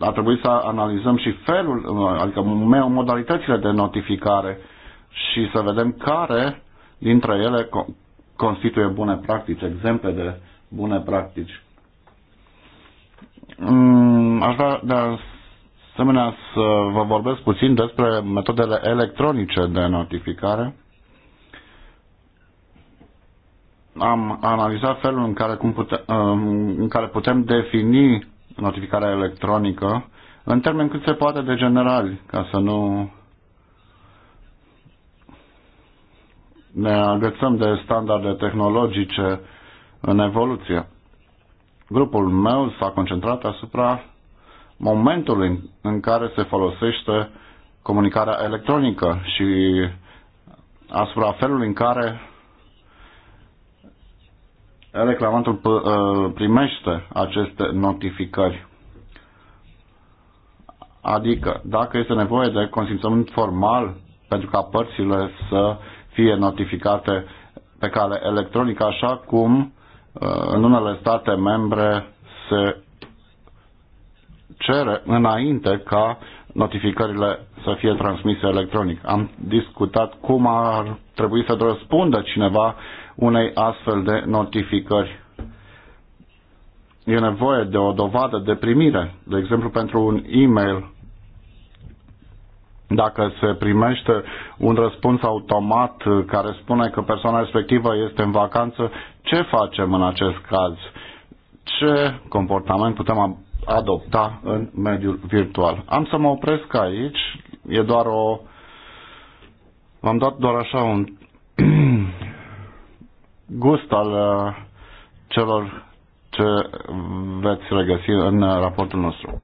ar trebui să analizăm și felul, adică modalitățile de notificare uh, și să vedem care dintre ele constituie bune practici, exemple de bune practici. Mm, aș vrea de asemenea să vă vorbesc puțin despre metodele electronice de notificare. Am analizat felul în care, cum pute, în care putem defini notificarea electronică în termeni cât se poate de generali, ca să nu ne agățăm de standarde tehnologice în evoluție. Grupul meu s-a concentrat asupra momentului în care se folosește comunicarea electronică și asupra felului în care reclamantul uh, primește aceste notificări. Adică, dacă este nevoie de consimțământ formal pentru ca părțile să fie notificate pe cale electronică, așa cum uh, în unele state membre se cere înainte ca notificările să fie transmise electronic. Am discutat cum ar trebui să răspundă cineva unei astfel de notificări. E nevoie de o dovadă de primire, de exemplu pentru un e-mail dacă se primește un răspuns automat care spune că persoana respectivă este în vacanță, ce facem în acest caz? Ce comportament putem adopta în mediul virtual? Am să mă opresc aici, e doar o... V-am dat doar așa un gust al uh, celor ce veți regăsi în uh, raportul nostru.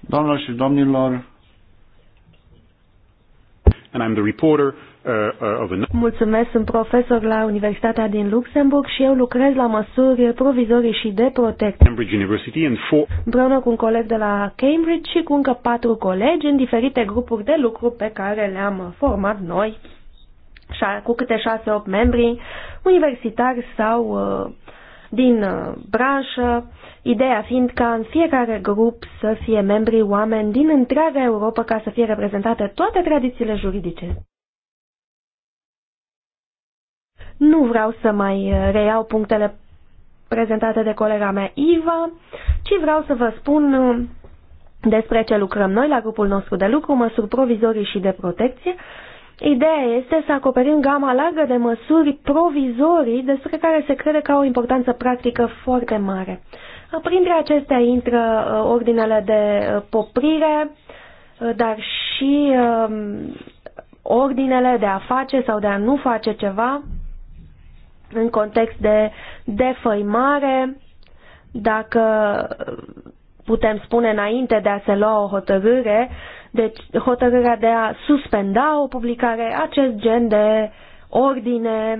Doamnelor și domnilor, and I'm the reporter uh, uh of a...
Mulțumesc, sunt profesor la Universitatea din Luxemburg și eu lucrez la măsuri provizorii și de protecție.
Cambridge University and four...
Împreună cu un coleg de la Cambridge și cu încă patru colegi în diferite grupuri de lucru pe care le-am format noi cu câte șase-opt membri universitari sau uh, din uh, branșă Ideea fiind ca în fiecare grup să fie membri oameni din întreaga Europa ca să fie reprezentate toate tradițiile juridice. Nu vreau să mai uh, reiau punctele prezentate de colega mea Iva, ci vreau să vă spun uh, despre ce lucrăm noi la grupul nostru de lucru, măsuri provizorii și de protecție. Ideea este să acoperim gama largă de măsuri provizorii despre care se crede că au o importanță practică foarte mare. Printre acestea intră uh, ordinele de uh, poprire, uh, dar și um, ordinele de a face sau de a nu face ceva în context de defăimare, dacă putem spune înainte de a se lua o hotărâre, deci hotărârea de a suspenda o publicare, acest gen de ordine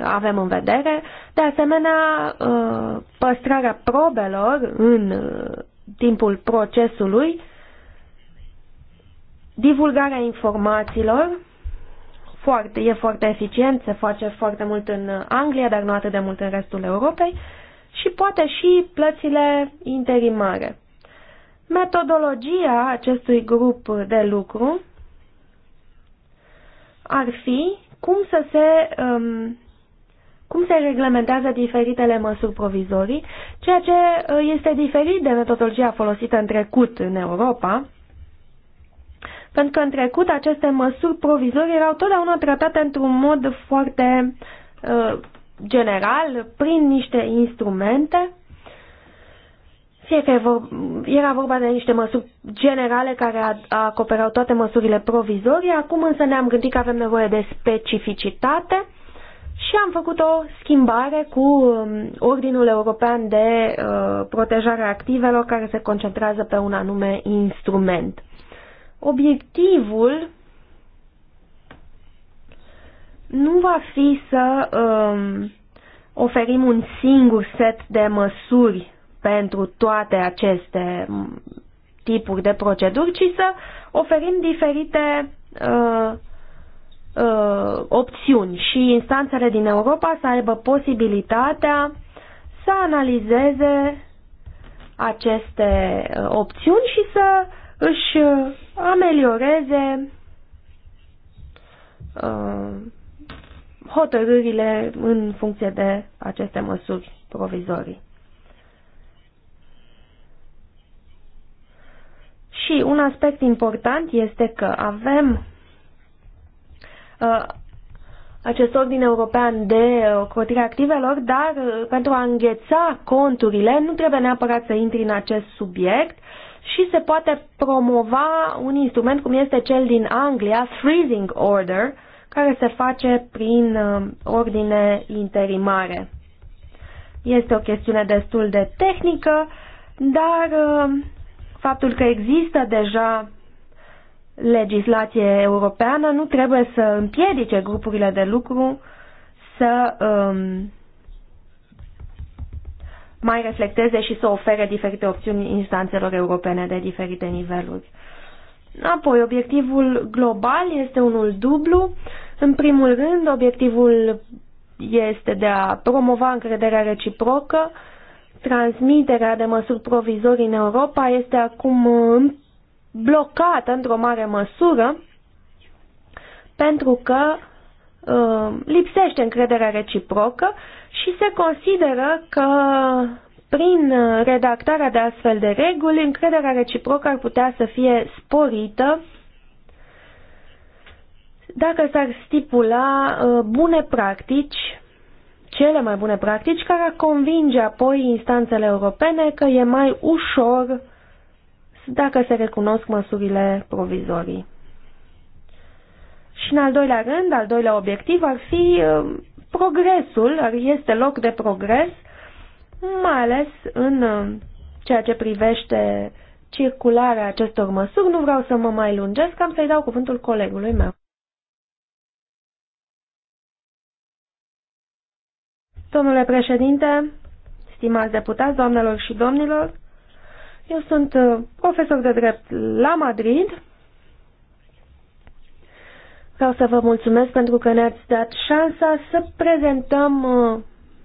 avem în vedere de asemenea, uh, păstrarea probelor în uh, timpul procesului, divulgarea informațiilor, foarte, e foarte eficient, se face foarte mult în Anglia, dar nu atât de mult în restul Europei, și poate și plățile interimare. Metodologia acestui grup de lucru ar fi cum să se um, cum se reglementează diferitele măsuri provizorii, ceea ce uh, este diferit de metodologia folosită în trecut în Europa, pentru că în trecut aceste măsuri provizorii erau totdeauna tratate într-un mod foarte uh, general, prin niște instrumente, fie că era vorba de niște măsuri generale care acoperau toate măsurile provizorii, acum însă ne-am gândit că avem nevoie de specificitate și am făcut o schimbare cu um, Ordinul European de uh, Protejare a Activelor care se concentrează pe un anume instrument. Obiectivul nu va fi să um, oferim un singur set de măsuri pentru toate aceste tipuri de proceduri, ci să oferim diferite uh, uh, opțiuni și instanțele din Europa să aibă posibilitatea să analizeze aceste uh, opțiuni și să își uh, amelioreze uh, hotărârile în funcție de aceste măsuri provizorii. Și un aspect important este că avem Uh, acest ordin european de uh, cotire activelor, dar uh, pentru a îngheța conturile nu trebuie neapărat să intri în acest subiect și se poate promova un instrument cum este cel din Anglia, Freezing Order, care se face prin ordine interimare. Este o chestiune destul de tehnică, dar faptul că există deja legislație europeană nu trebuie să împiedice grupurile de lucru să um, mai reflecteze și să ofere diferite opțiuni instanțelor europene de diferite niveluri. Apoi, obiectivul global este unul dublu. În primul rând, obiectivul este de a promova încrederea reciprocă. Transmiterea de măsuri provizorii în Europa este acum blocată într-o mare măsură pentru că uh, lipsește încrederea reciprocă și se consideră că prin redactarea de astfel de reguli, încrederea reciprocă ar putea să fie sporită dacă s-ar stipula uh, bune practici, cele mai bune practici, care ar convinge apoi instanțele europene că e mai ușor dacă se recunosc măsurile provizorii. Și în al doilea rând, al doilea obiectiv ar fi uh, progresul, ar este loc de progres, mai ales în uh, ceea ce privește circularea acestor măsuri. Nu vreau să mă mai lungesc, am să-i dau cuvântul colegului meu. Domnule președinte, stimați deputați, doamnelor și domnilor, eu sunt uh, profesor de drept la Madrid. Vreau să vă mulțumesc pentru că ne-ați dat șansa să prezentăm uh,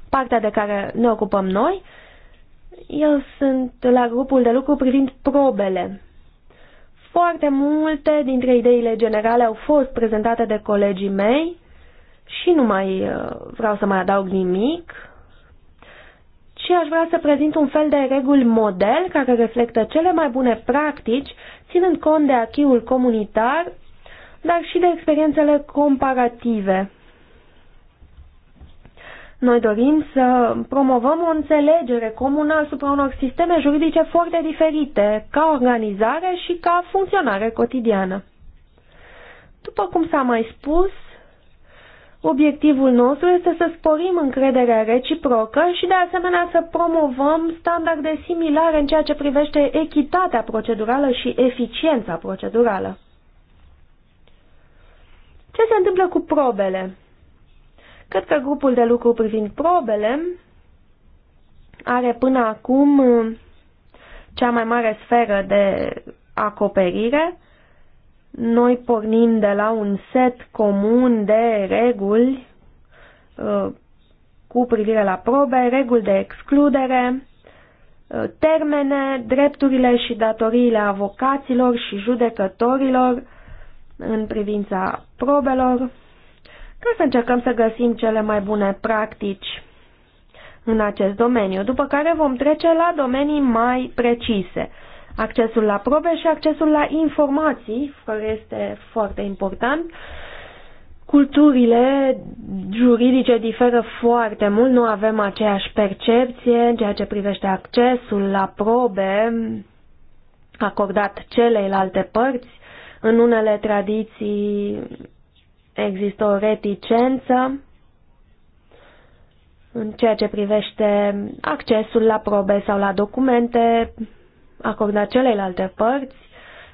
partea de care ne ocupăm noi. Eu sunt la grupul de lucru privind probele. Foarte multe dintre ideile generale au fost prezentate de colegii mei și nu mai uh, vreau să mai adaug nimic și aș vrea să prezint un fel de reguli model care reflectă cele mai bune practici, ținând cont de achiul comunitar, dar și de experiențele comparative. Noi dorim să promovăm o înțelegere comună asupra unor sisteme juridice foarte diferite, ca organizare și ca funcționare cotidiană. După cum s-a mai spus, Obiectivul nostru este să sporim încrederea reciprocă și de asemenea să promovăm standarde similare în ceea ce privește echitatea procedurală și eficiența procedurală. Ce se întâmplă cu probele? Cred că grupul de lucru privind probele are până acum uh, cea mai mare sferă de acoperire noi pornim de la un set comun de reguli uh, cu privire la probe, reguli de excludere, uh, termene, drepturile și datoriile avocaților și judecătorilor în privința probelor, ca să încercăm să găsim cele mai bune practici în acest domeniu, după care vom trece la domenii mai precise accesul la probe și accesul la informații, care este foarte important. Culturile juridice diferă foarte mult, nu avem aceeași percepție în ceea ce privește accesul la probe acordat celeilalte părți. În unele tradiții există o reticență în ceea ce privește accesul la probe sau la documente acorda celelalte părți.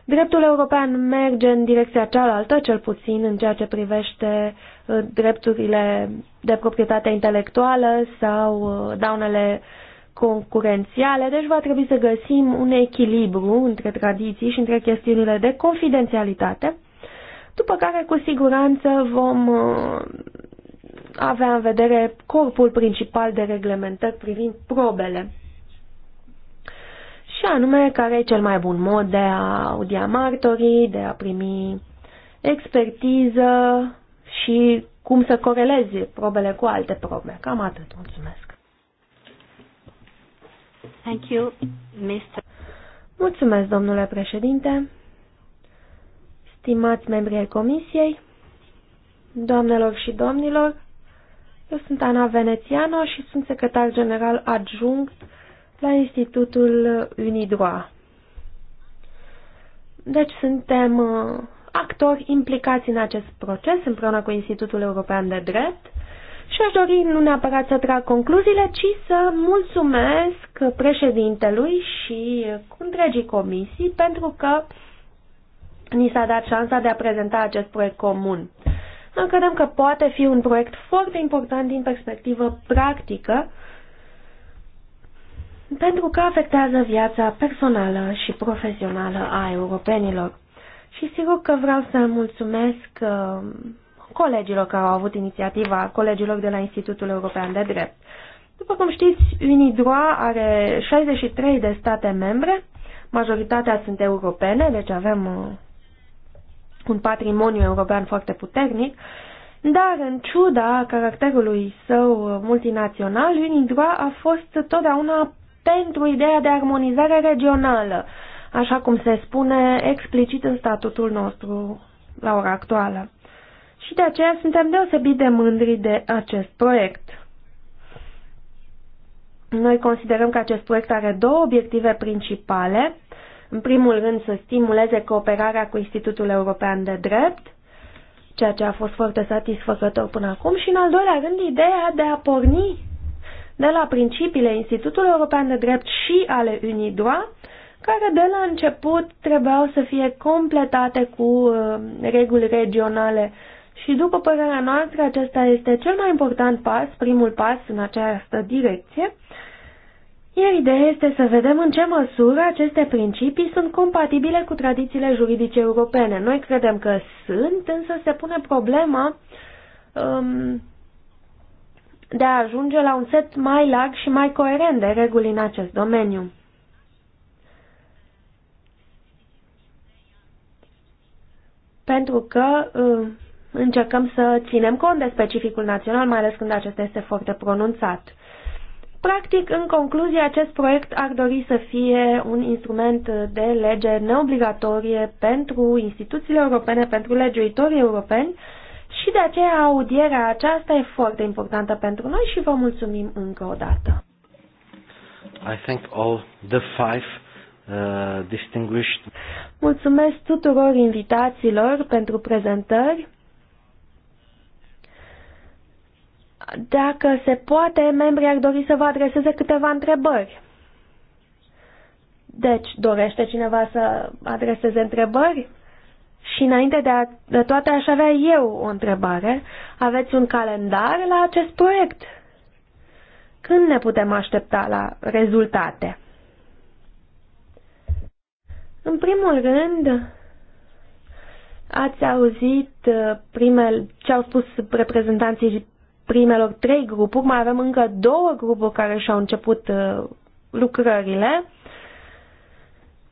Dreptul european merge în direcția cealaltă, cel puțin în ceea ce privește uh, drepturile de proprietate intelectuală sau uh, daunele concurențiale, deci va trebui să găsim un echilibru între tradiții și între chestiunile de confidențialitate, după care cu siguranță vom uh, avea în vedere corpul principal de reglementări privind probele și anume care e cel mai bun mod de a audia martorii, de a primi expertiză și cum să corelezi probele cu alte probe. Cam atât. Mulțumesc. Thank you, Mr. Mulțumesc, domnule președinte. Stimați membri ai comisiei, doamnelor și domnilor, eu sunt Ana Venețiano și sunt secretar general adjunct la Institutul Unidroa. Deci suntem uh, actori implicați în acest proces împreună cu Institutul European de Drept și aș dori nu neapărat să trag concluziile, ci să mulțumesc președintelui și întregii comisii pentru că ni s-a dat șansa de a prezenta acest proiect comun. Credem că poate fi un proiect foarte important din perspectivă practică pentru că afectează viața personală și profesională a europenilor. Și sigur că vreau să mulțumesc uh, colegilor care au avut inițiativa, colegilor de la Institutul European de Drept. După cum știți, UNIDROA are 63 de state membre, majoritatea sunt europene, deci avem uh, un patrimoniu european foarte puternic, dar în ciuda caracterului său multinațional, UNIDROA a fost totdeauna pentru ideea de armonizare regională, așa cum se spune explicit în statutul nostru la ora actuală. Și de aceea suntem deosebit de mândri de acest proiect. Noi considerăm că acest proiect are două obiective principale. În primul rând să stimuleze cooperarea cu Institutul European de Drept, ceea ce a fost foarte satisfăcător până acum, și în al doilea rând ideea de a porni de la principiile Institutului European de Drept și ale UNIDROA, care de la început trebuiau să fie completate cu uh, reguli regionale. Și după părerea noastră, acesta este cel mai important pas, primul pas în această direcție, iar ideea este să vedem în ce măsură aceste principii sunt compatibile cu tradițiile juridice europene. Noi credem că sunt, însă se pune problema um, de a ajunge la un set mai larg și mai coerent de reguli în acest domeniu. Pentru că uh, încercăm să ținem cont de specificul național, mai ales când acesta este foarte pronunțat. Practic, în concluzie, acest proiect ar dori să fie un instrument de lege neobligatorie pentru instituțiile europene, pentru legiuitorii europeni, și de aceea audierea aceasta e foarte importantă pentru noi și vă mulțumim încă o dată.
I thank all the five uh, distinguished.
Mulțumesc tuturor invitațiilor pentru prezentări. Dacă se poate, membrii ar dori să vă adreseze câteva întrebări. Deci, dorește cineva să adreseze întrebări? Și înainte de, a, de toate aș avea eu o întrebare. Aveți un calendar la acest proiect? Când ne putem aștepta la rezultate? În primul rând, ați auzit uh, primel, ce au spus reprezentanții primelor trei grupuri, mai avem încă două grupuri care și-au început uh, lucrările.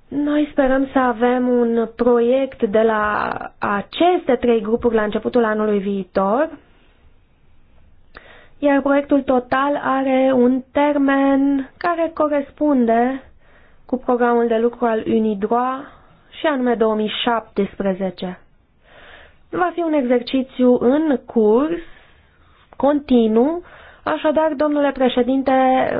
Noi sperăm să avem un proiect de la aceste trei grupuri la începutul anului viitor, iar proiectul total are un termen care corespunde cu programul de lucru al UNIDROA și anume 2017. Va fi un exercițiu în curs, continuu, Așadar, domnule președinte,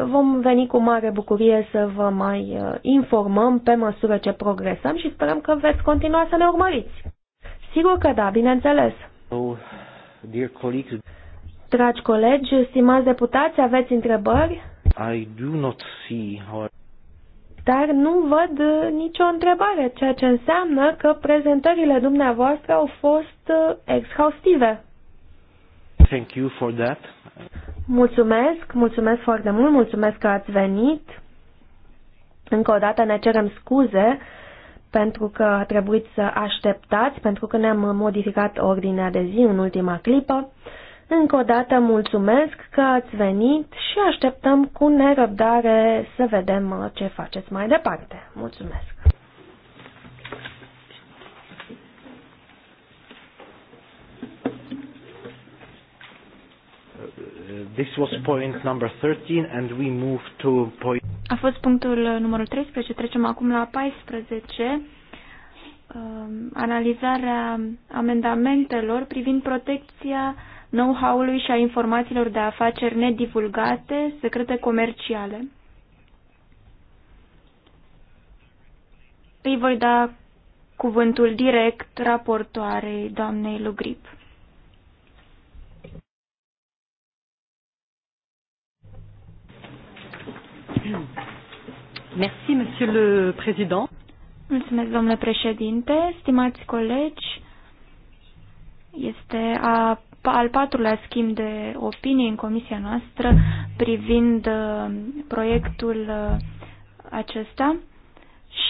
vom veni cu mare bucurie să vă mai uh, informăm pe măsură ce progresăm și sperăm că veți continua să ne urmăriți. Sigur că da, bineînțeles.
Oh, dear colleagues.
Dragi colegi, stimați deputați, aveți întrebări?
I do not see how...
Dar nu văd uh, nicio întrebare, ceea ce înseamnă că prezentările dumneavoastră au fost uh, exhaustive.
Thank you for that.
Mulțumesc, mulțumesc foarte mult, mulțumesc că ați venit. Încă o dată ne cerem scuze pentru că a trebuit să așteptați, pentru că ne-am modificat ordinea de zi în ultima clipă. Încă o dată mulțumesc că ați venit și așteptăm cu nerăbdare să vedem ce faceți mai departe. Mulțumesc!
this was point number 13 and we move to point
A fost punctul numărul 13, trecem acum la 14. Um, analizarea amendamentelor privind protecția know-how-ului și a informațiilor de afaceri nedivulgate, secrete comerciale. Îi voi da cuvântul direct raportoarei doamnei Lugrip. Merci, Monsieur le Président. Mulțumesc, domnule președinte, stimați colegi. Este a, al patrulea schimb de opinie în comisia noastră privind uh, proiectul uh, acesta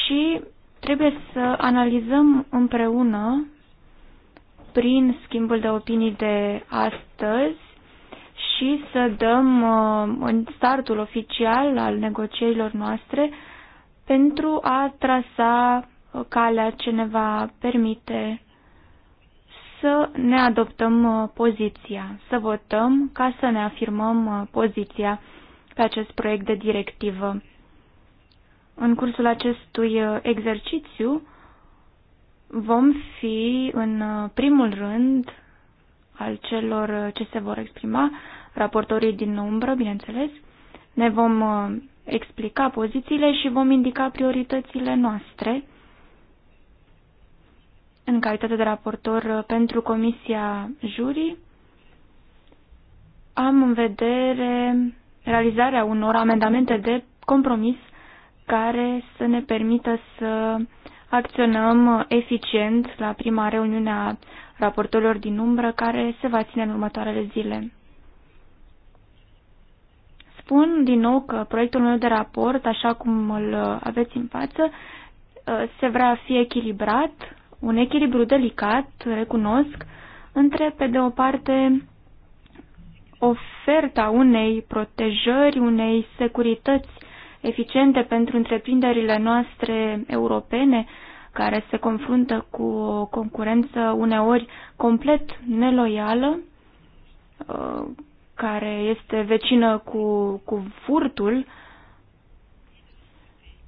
și trebuie să analizăm împreună prin schimbul de opinii de astăzi și să dăm uh, în startul oficial al negocierilor noastre pentru a trasa uh, calea ce ne va permite să ne adoptăm uh, poziția, să votăm ca să ne afirmăm poziția pe acest proiect de directivă. În cursul acestui exercițiu vom fi în primul rând al celor ce se vor exprima raportorii din umbră, bineînțeles. Ne vom uh, explica pozițiile și vom indica prioritățile noastre în calitate de raportor uh, pentru Comisia Jurii. Am în vedere realizarea unor amendamente de compromis care să ne permită să acționăm eficient la prima reuniune a raportorilor din umbră care se va ține în următoarele zile spun din nou că proiectul meu de raport, așa cum îl aveți în față, uh, se vrea fi echilibrat, un echilibru delicat, recunosc, între, pe de o parte, oferta unei protejări, unei securități eficiente pentru întreprinderile noastre europene, care se confruntă cu o concurență uneori complet neloială, uh, care este vecină cu, cu furtul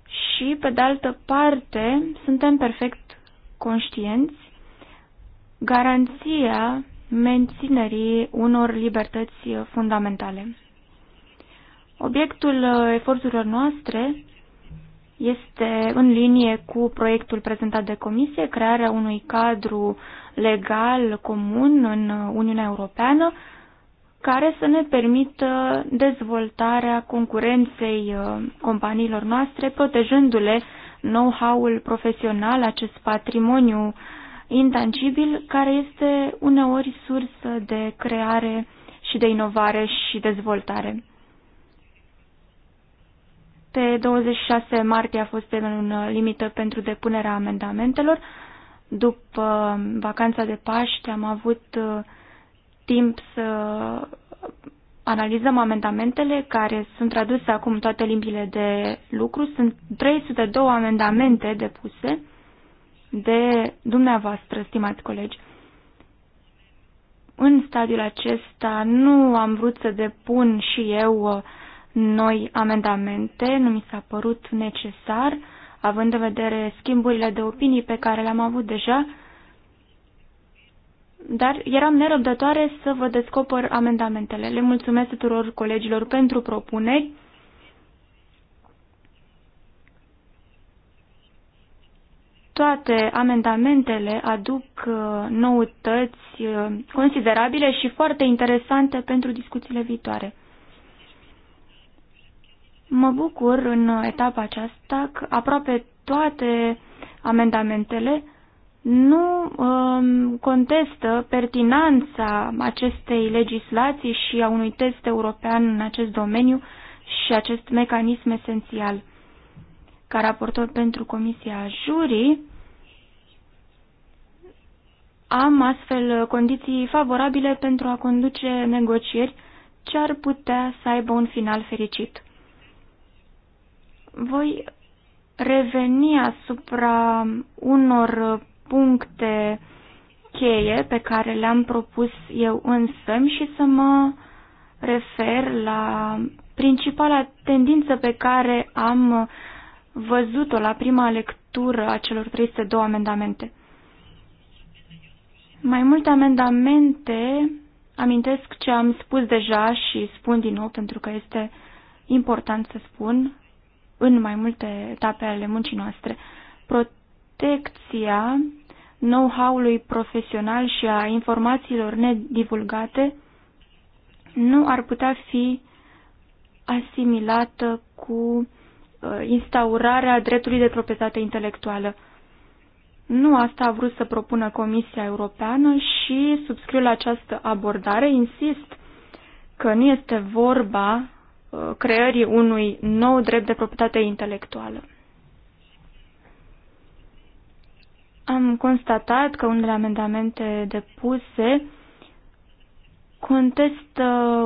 și, pe de altă parte, suntem perfect conștienți garanția menținerii unor libertăți fundamentale. Obiectul eforturilor noastre este în linie cu proiectul prezentat de Comisie, crearea unui cadru legal comun în Uniunea Europeană care să ne permită dezvoltarea concurenței uh, companiilor noastre, protejându-le know-how-ul profesional, acest patrimoniu intangibil, care este uneori sursă de creare și de inovare și dezvoltare. Pe 26 martie a fost termenul uh, limită pentru depunerea amendamentelor. După uh, vacanța de Paște am avut uh, timp să analizăm amendamentele care sunt traduse acum în toate limbile de lucru. Sunt 302 amendamente depuse de dumneavoastră, stimați colegi. În stadiul acesta nu am vrut să depun și eu uh, noi amendamente, nu mi s-a părut necesar, având în vedere schimburile de opinii pe care le-am avut deja, dar eram nerăbdătoare să vă descopăr amendamentele. Le mulțumesc tuturor colegilor pentru propuneri. Toate amendamentele aduc uh, noutăți uh, considerabile și foarte interesante pentru discuțiile viitoare. Mă bucur în etapa aceasta că aproape toate amendamentele
nu
um, contestă pertinanța acestei legislații și a unui test european în acest domeniu și acest mecanism esențial. Ca raportor pentru Comisia Jurii, am astfel condiții favorabile pentru a conduce negocieri ce ar putea să aibă un final fericit. Voi reveni asupra unor puncte cheie pe care le-am propus eu însă și să mă refer la principala tendință pe care am văzut-o la prima lectură a celor 302 amendamente. Mai multe amendamente, amintesc ce am spus deja și spun din nou pentru că este important să spun în mai multe etape ale muncii noastre. Protecția know-how-ului profesional și a informațiilor nedivulgate nu ar putea fi asimilată cu uh, instaurarea dreptului de proprietate intelectuală. Nu asta a vrut să propună Comisia Europeană și subscriu la această abordare. Insist că nu este vorba uh, creării unui nou drept de proprietate intelectuală. Am constatat că unele amendamente depuse contestă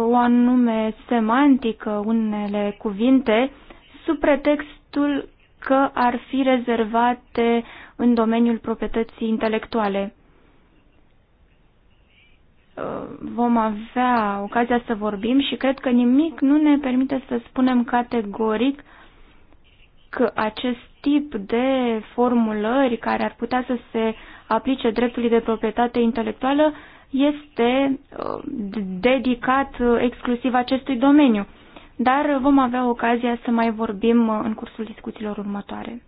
o anume semantică unele cuvinte sub pretextul că ar fi rezervate în domeniul proprietății intelectuale. Vom avea ocazia să vorbim și cred că nimic nu ne permite să spunem categoric că acest tip de formulări care ar putea să se aplice dreptului de proprietate intelectuală este uh, dedicat uh, exclusiv acestui domeniu. Dar vom avea ocazia să mai vorbim uh, în cursul discuțiilor următoare.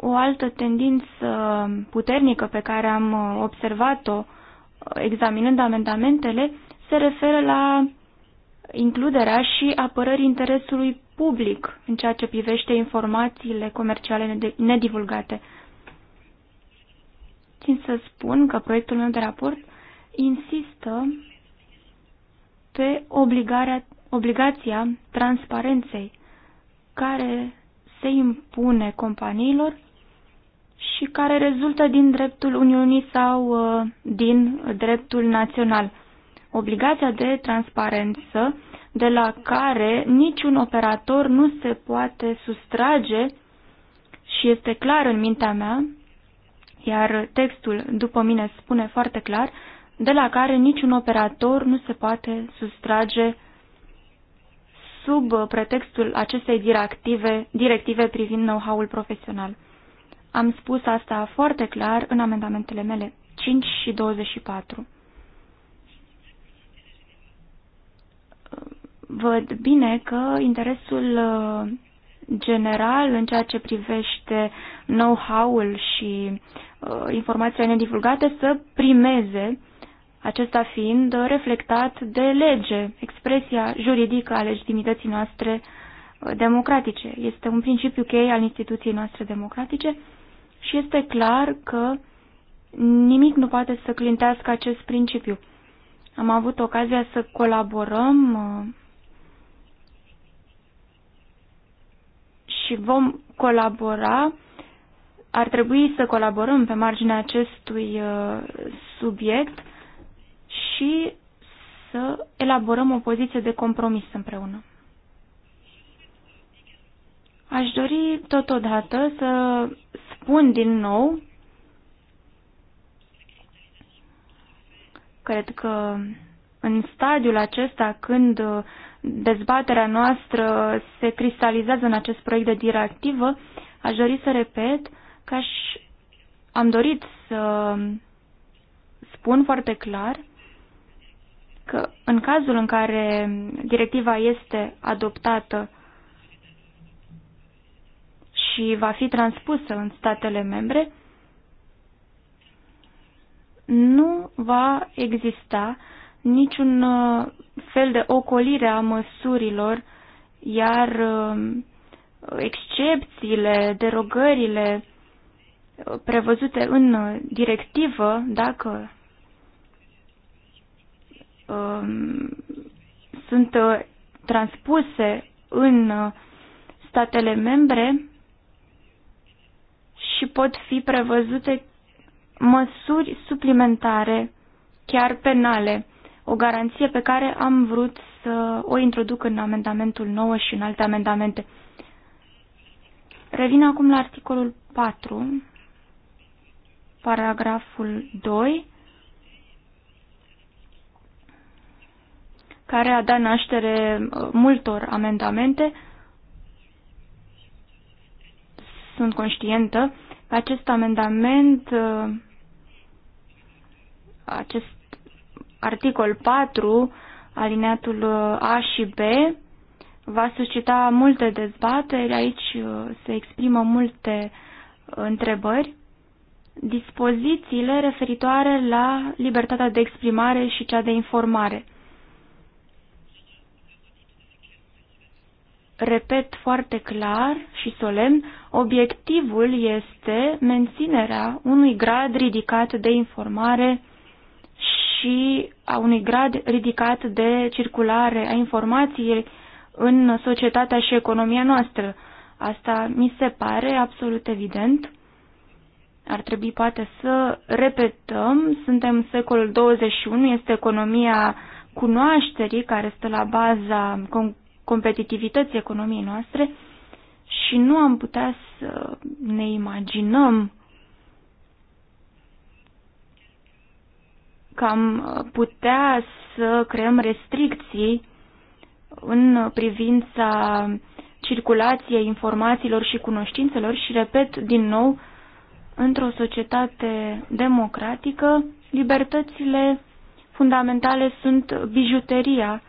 O altă tendință puternică pe care am observat-o examinând amendamentele se referă la includerea și apărării interesului public în ceea ce privește informațiile comerciale nedivulgate. Țin să spun că proiectul meu de raport insistă pe obligarea, obligația transparenței care se impune companiilor și care rezultă din dreptul Uniunii sau uh, din dreptul național obligația de transparență de la care niciun operator nu se poate sustrage și este clar în mintea mea, iar textul după mine spune foarte clar, de la care niciun operator nu se poate sustrage sub pretextul acestei directive, directive privind know-how-ul profesional. Am spus asta foarte clar în amendamentele mele 5 și 24. văd bine că interesul uh, general în ceea ce privește know-how-ul și uh, informația nedivulgată să primeze, acesta fiind reflectat de lege, expresia juridică a legitimității noastre uh, democratice. Este un principiu cheie al instituției noastre democratice și este clar că nimic nu poate să clintească acest principiu. Am avut ocazia să colaborăm uh, și vom colabora. Ar trebui să colaborăm pe marginea acestui uh, subiect și să elaborăm o poziție de compromis împreună. Aș dori totodată să spun din nou Cred că în stadiul acesta, când uh, dezbaterea noastră se cristalizează în acest proiect de directivă, aș dori să repet că aș, am dorit să spun foarte clar că în cazul în care directiva este adoptată și va fi transpusă în statele membre, nu va exista niciun uh, fel de ocolire a măsurilor, iar um, excepțiile, derogările uh, prevăzute în directivă, dacă um, sunt uh, transpuse în statele membre și pot fi prevăzute măsuri suplimentare, chiar penale, o garanție pe care am vrut să o introduc în amendamentul 9 și în alte amendamente. Revin acum la articolul 4, paragraful 2, care a dat naștere uh, multor amendamente. Sunt conștientă că acest amendament uh, acest articol 4, alineatul A și B, va suscita multe dezbateri, aici uh, se exprimă multe uh, întrebări. Dispozițiile referitoare la libertatea de exprimare și cea de informare. Repet foarte clar și solemn, obiectivul este menținerea unui grad ridicat de informare și a unui grad ridicat de circulare a informației în societatea și economia noastră. Asta mi se pare absolut evident. Ar trebui poate să repetăm, suntem în secolul 21, este economia cunoașterii care stă la baza competitivității economiei noastre și nu am putea să ne imaginăm că am putea să creăm restricții în privința circulației informațiilor și cunoștințelor și, repet din nou, într-o societate democratică, libertățile fundamentale sunt bijuteria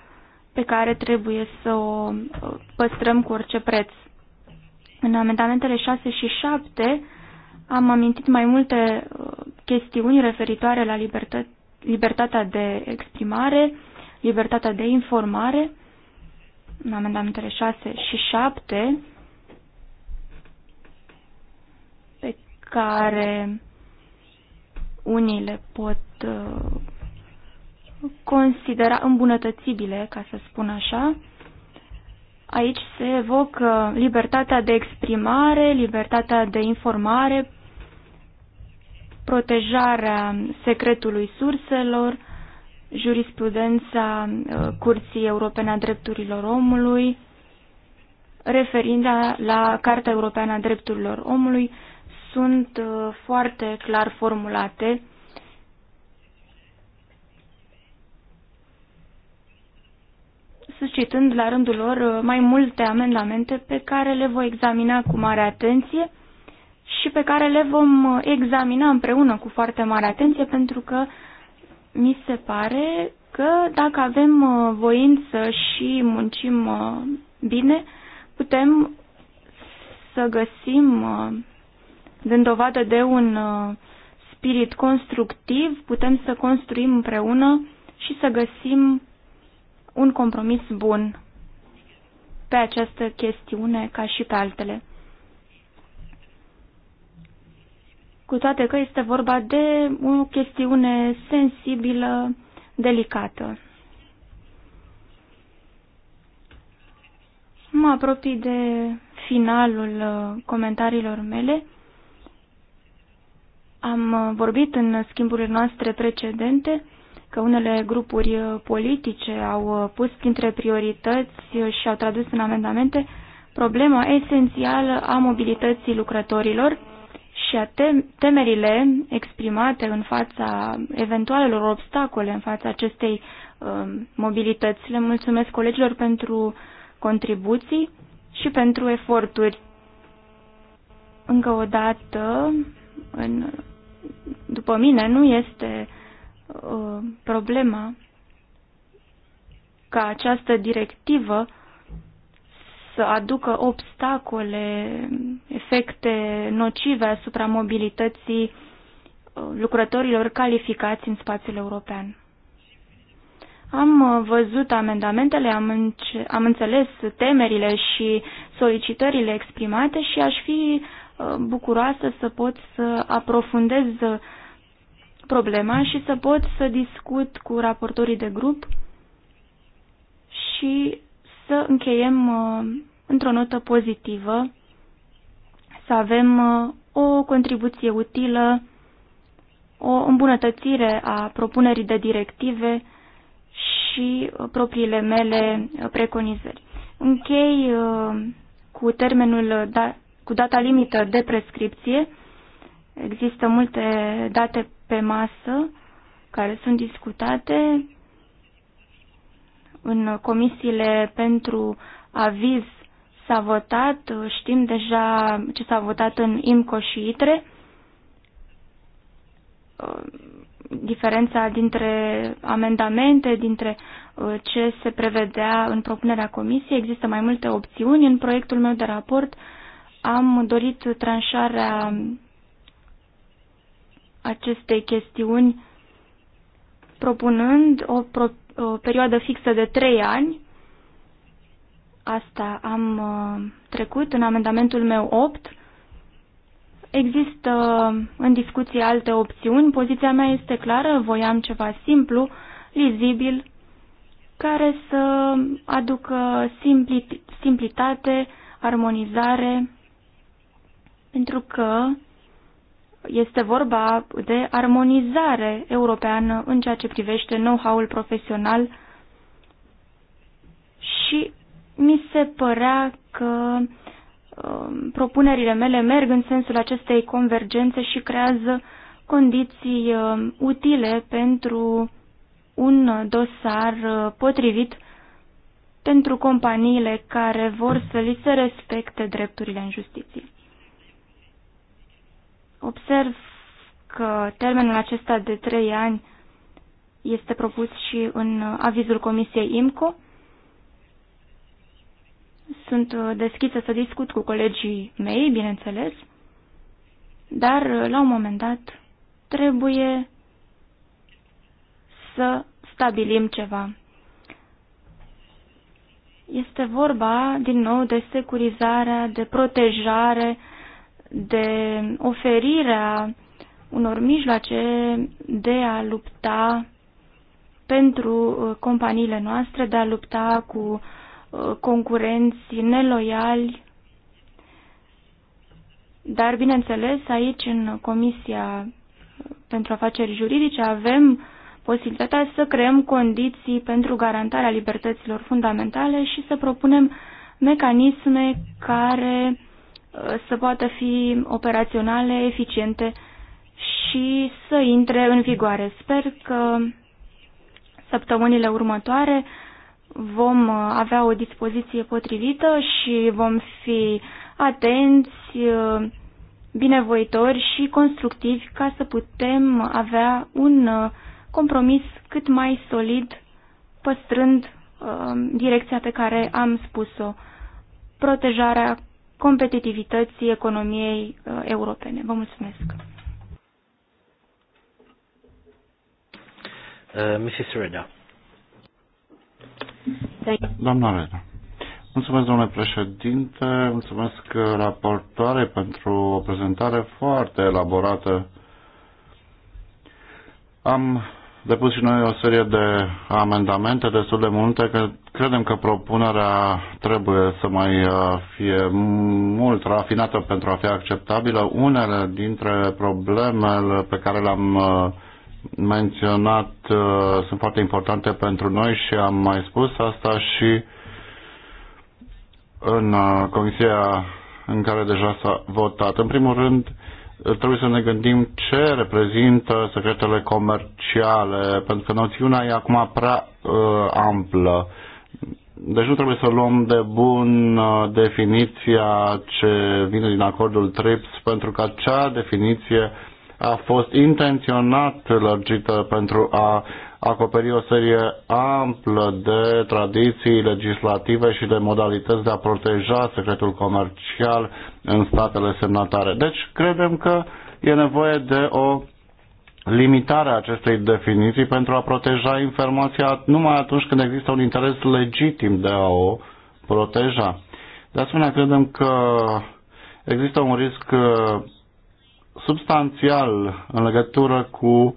pe care trebuie să o uh, păstrăm cu orice preț. În amendamentele 6 și 7 am amintit mai multe uh, chestiuni referitoare la libertăți libertatea de exprimare, libertatea de informare, în amendamentele 6 și 7, pe care unii le pot uh, considera îmbunătățibile, ca să spun așa. Aici se evocă libertatea de exprimare, libertatea de informare, protejarea secretului surselor, jurisprudența uh, Curții Europene a Drepturilor Omului, referindu la Carta Europeană a Drepturilor Omului, sunt uh, foarte clar formulate. suscitând la rândul lor uh, mai multe amendamente pe care le voi examina cu mare atenție și pe care le vom uh, examina împreună cu foarte mare atenție pentru că mi se pare că dacă avem uh, voință și muncim uh, bine, putem să găsim, dând dovadă de un spirit constructiv, putem să construim împreună și să găsim un compromis bun pe această chestiune ca și pe altele. cu toate că este vorba de o chestiune sensibilă, delicată. Mă apropii de finalul uh, comentariilor mele. Am uh, vorbit în schimburile noastre precedente că unele grupuri uh, politice au pus printre priorități și au tradus în amendamente problema esențială a mobilității lucrătorilor și a temerile exprimate în fața eventualelor obstacole în fața acestei um, mobilități. Le mulțumesc colegilor pentru contribuții și pentru eforturi. Încă o dată, în, după mine, nu este uh, problema ca această directivă să aducă obstacole, efecte nocive asupra mobilității uh, lucrătorilor calificați în spațiul european. Am uh, văzut amendamentele, am, înce- am înțeles temerile și solicitările exprimate și aș fi uh, bucuroasă să pot să aprofundez problema și să pot să discut cu raportorii de grup și să încheiem uh, într-o notă pozitivă, să avem uh, o contribuție utilă, o îmbunătățire a propunerii de directive și uh, propriile mele preconizări. Închei cu termenul, da, cu data limită de prescripție. Există multe date pe masă care sunt discutate în comisiile pentru aviz s-a votat, știm deja ce s-a votat în IMCO și ITRE. Diferența dintre amendamente, dintre uh, ce se prevedea în propunerea comisiei, există mai multe opțiuni. În proiectul meu de raport am dorit tranșarea acestei chestiuni propunând o propunere o perioadă fixă de trei ani. Asta am uh, trecut în amendamentul meu 8. Există uh, în discuție alte opțiuni. Poziția mea este clară, voiam ceva simplu, lizibil, care să aducă simpli, simplitate, armonizare, pentru că este vorba de armonizare europeană în ceea ce privește know-how-ul profesional și mi se părea că um, propunerile mele merg în sensul acestei convergențe și creează condiții um, utile pentru un dosar uh, potrivit pentru companiile care vor să li se respecte drepturile în justiție. Observ că termenul acesta de trei ani este propus și în avizul Comisiei IMCO. Sunt deschisă să discut cu colegii mei, bineînțeles, dar la un moment dat trebuie să stabilim ceva. Este vorba, din nou, de securizarea, de protejare, de oferirea unor mijloace de a lupta pentru uh, companiile noastre, de a lupta cu uh, concurenții neloiali. Dar, bineînțeles, aici, în Comisia uh, pentru Afaceri Juridice, avem posibilitatea să creăm condiții pentru garantarea libertăților fundamentale și să propunem mecanisme care să poată fi operaționale, eficiente și să intre în vigoare. Sper că săptămânile următoare vom uh, avea o dispoziție potrivită și vom fi atenți, uh, binevoitori și constructivi ca să putem avea un uh, compromis cât mai solid, păstrând direcția pe care am spus-o, protejarea competitivității economiei uh, europene. Vă mulțumesc.
Uh, Mrs. Reda.
Doamna Reda. Mulțumesc, domnule președinte, mulțumesc uh, raportoare pentru o prezentare foarte elaborată. Am depus și noi o serie de amendamente destul de multe, că credem că propunerea trebuie să mai uh, fie mult rafinată pentru a fi acceptabilă. Unele dintre problemele pe care le-am uh, menționat uh, sunt foarte importante pentru noi și am mai spus asta și în comisia în care deja s-a votat. În primul rând, uh, trebuie să ne gândim ce reprezintă secretele comerciale, pentru că noțiunea e acum prea uh, amplă. Deci nu trebuie să luăm de bun uh, definiția ce vine din acordul TRIPS, pentru că acea definiție a fost intenționat lărgită pentru a acoperi o serie amplă de tradiții legislative și de modalități de a proteja secretul comercial în statele semnatare. Deci credem că e nevoie de o limitare a acestei definiții pentru a proteja informația numai atunci când există un interes legitim de a o proteja. De asemenea, credem că există un risc uh, substanțial în legătură cu uh,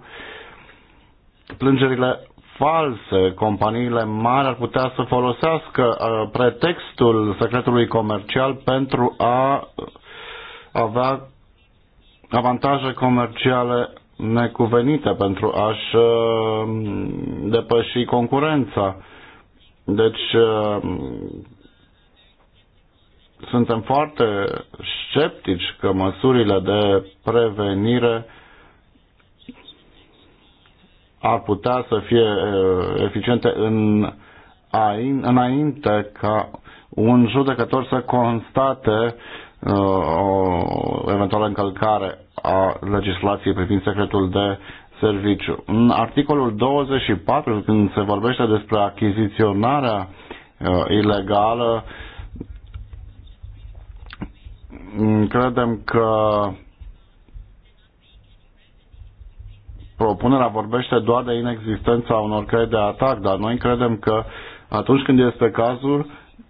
plângerile false. Companiile mari ar putea să folosească uh, pretextul secretului comercial pentru a uh, avea avantaje comerciale necuvenite, pentru a-și uh, depăși concurența. Deci suntem foarte sceptici că măsurile de prevenire ar putea să fie uh, eficiente în, înainte ca un judecător să constate uh, o eventuală încălcare a legislației privind secretul de serviciu. În articolul 24, când se vorbește despre achiziționarea uh, ilegală, mm, credem că propunerea vorbește doar de inexistența unor căi de atac, dar noi credem că atunci când este cazul,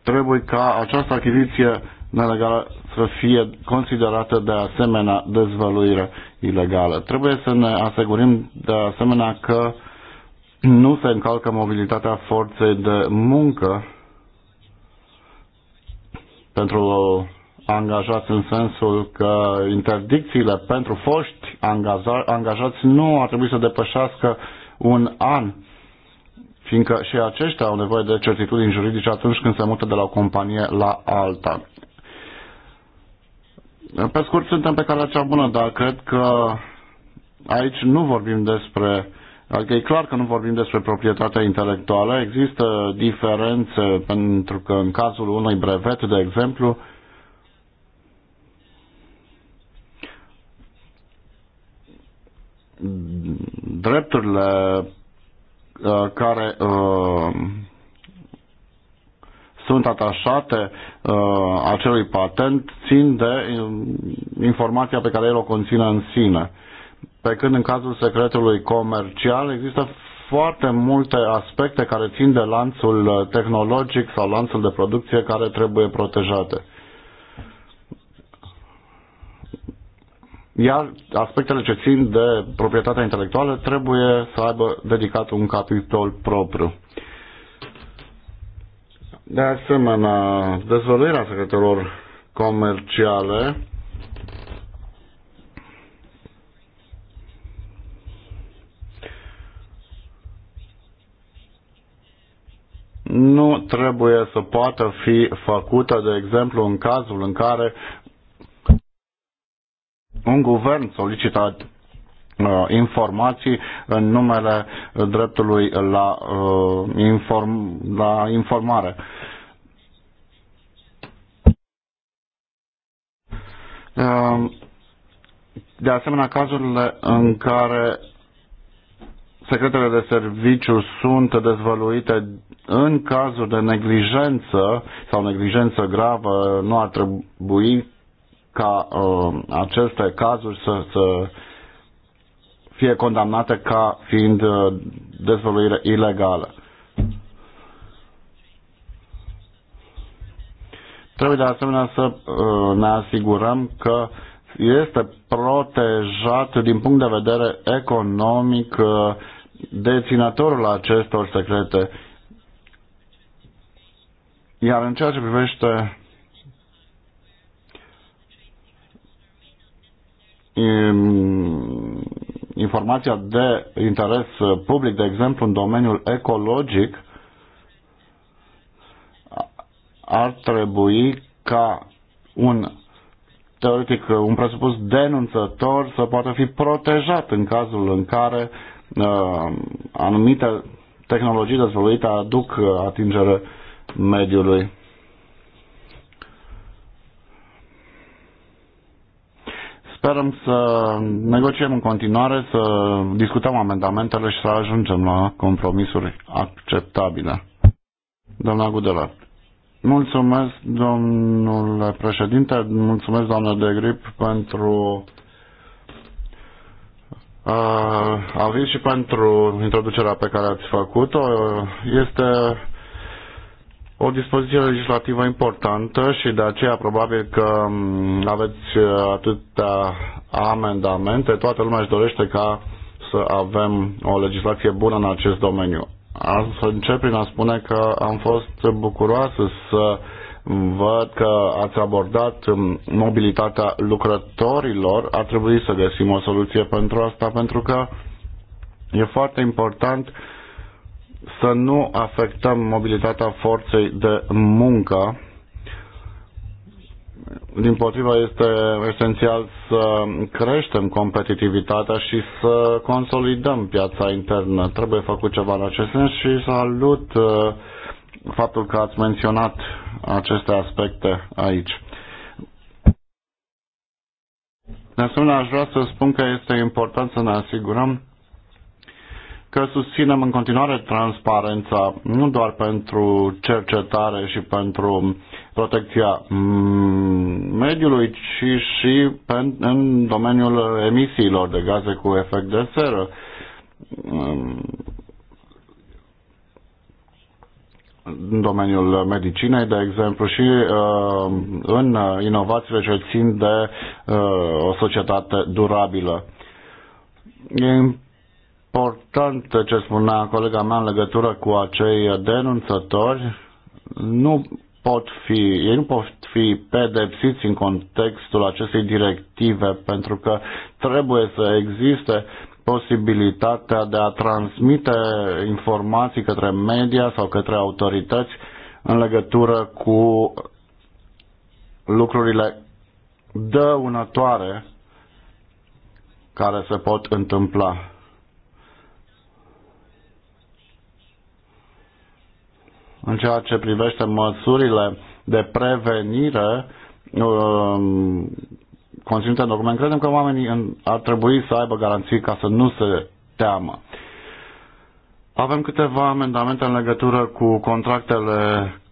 trebuie ca această achiziție nelegală să fie considerată de asemenea dezvăluire ilegală. Trebuie să ne asigurăm de asemenea că nu se încalcă mobilitatea forței de muncă pentru angajați în sensul că interdicțiile pentru foști angajați nu ar trebui să depășească un an, fiindcă și aceștia au nevoie de certitudini juridice atunci când se mută de la o companie la alta. Pe scurt, suntem pe calea cea bună, dar cred că aici nu vorbim despre Adică e clar că nu vorbim despre proprietatea intelectuală, există diferențe pentru că în cazul unui brevet, de exemplu, drepturile uh, care uh, sunt atașate uh, acelui patent țin de um, informația pe care el o conține în sine. Pe când în cazul secretului comercial există foarte multe aspecte care țin de lanțul tehnologic sau lanțul de producție care trebuie protejate. iar aspectele ce țin de proprietatea intelectuală trebuie să aibă dedicat un capitol propriu. De asemenea, dezvăluirea secretelor comerciale nu trebuie să poată fi făcută, de exemplu, în cazul în care un guvern solicită uh, informații în numele dreptului la, uh, inform, la informare. Uh, de asemenea, cazurile în care secretele de serviciu sunt dezvăluite în cazul de neglijență sau neglijență gravă nu ar trebui ca uh, aceste cazuri să, să fie condamnate ca fiind uh, dezvăluire ilegală. Trebuie de asemenea să uh, ne asigurăm că este protejat din punct de vedere economic uh, deținătorul acestor secrete. Iar în ceea ce privește informația de interes public, de exemplu în domeniul ecologic, ar trebui ca un teoretic un presupus denunțător să poată fi protejat în cazul în care uh, anumite tehnologii dezvoluite aduc uh, atingere mediului. Sperăm să negociem în continuare, să discutăm amendamentele și să ajungem la compromisuri acceptabile. Doamna Gudela, Mulțumesc, domnule președinte, mulțumesc, doamnă de grip, pentru uh, aviz și pentru introducerea pe care ați făcut-o. Este o dispoziție legislativă importantă și de aceea probabil că mm, aveți uh, atâtea amendamente. Toată lumea își dorește ca să avem o legislație bună în acest domeniu. Am să încep prin a spune că am fost bucuroasă să văd că ați abordat mm, mobilitatea lucrătorilor. Ar trebui să găsim o soluție pentru asta, pentru că e foarte important uh, să nu afectăm mobilitatea forței de muncă. Din potriva, este esențial să creștem competitivitatea și să consolidăm piața internă. Trebuie făcut ceva în acest sens și salut uh, faptul că ați menționat aceste aspecte aici. De asemenea, aș vrea să spun că este important să ne asigurăm că susținem în continuare transparența, nu doar pentru cercetare și pentru protecția mm, mediului, ci și în domeniul emisiilor de gaze cu efect de seră. Mm. În domeniul medicinei, de exemplu, și uh, în inovațiile ce țin de uh, o societate durabilă. E important ce spunea colega mea în legătură cu acei denunțători. Nu pot fi, ei nu pot fi pedepsiți în contextul acestei directive pentru că trebuie să existe posibilitatea de a transmite informații către media sau către autorități în legătură cu lucrurile dăunătoare care se pot întâmpla. în ceea ce privește măsurile de prevenire um, conținute în document, credem că oamenii ar trebui să aibă garanții ca să nu se teamă. Avem câteva amendamente în legătură cu contractele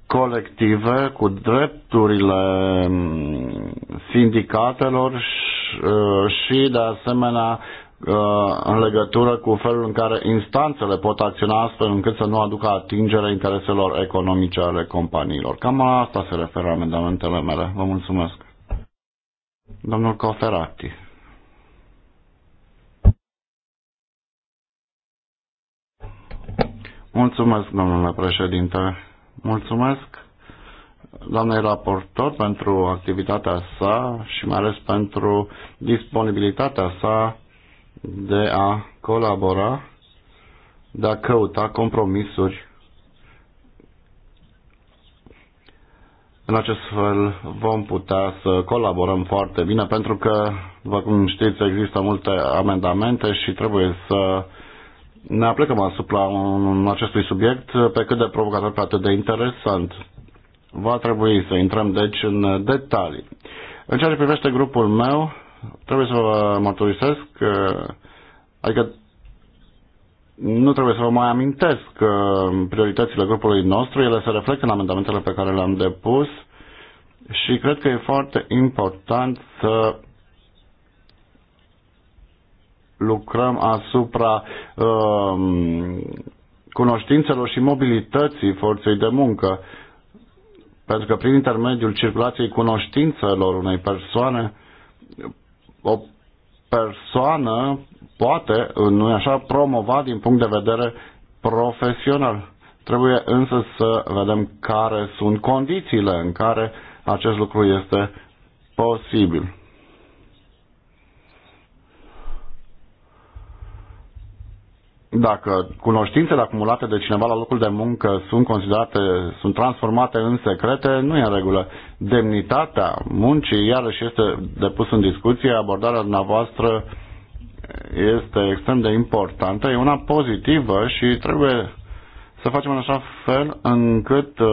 colective, cu drepturile um, sindicatelor uh, și, de asemenea, Uh, în legătură cu felul în care instanțele pot acționa astfel încât să nu aducă atingere intereselor economice ale companiilor. Cam la asta se referă amendamentele mele. Vă mulțumesc. Domnul Coferati. Mulțumesc, domnule președinte. Mulțumesc doamnei raportor pentru activitatea sa și mai ales pentru disponibilitatea sa de a colabora, de a căuta compromisuri. În acest fel vom putea să colaborăm foarte bine, pentru că, după cum știți, există multe amendamente și trebuie să ne aplicăm asupra acestui subiect pe cât de provocator, pe atât de interesant. Va trebui să intrăm, deci, în detalii. În ceea ce privește grupul meu, trebuie să vă mărturisesc că, adică nu trebuie să vă mai amintesc că prioritățile grupului nostru, ele se reflectă în amendamentele pe care le-am depus și cred că e foarte important să lucrăm asupra um, cunoștințelor și mobilității forței de muncă. Pentru că prin intermediul circulației cunoștințelor unei persoane o persoană poate, nu așa, promova din punct de vedere profesional. Trebuie însă să vedem care sunt condițiile în care acest lucru este posibil. dacă cunoștințele acumulate de cineva la locul de muncă sunt considerate, sunt transformate în secrete, nu e în regulă. Demnitatea muncii, iarăși, este depus în discuție, abordarea dumneavoastră este extrem de importantă, e una pozitivă și trebuie să facem în așa fel încât uh,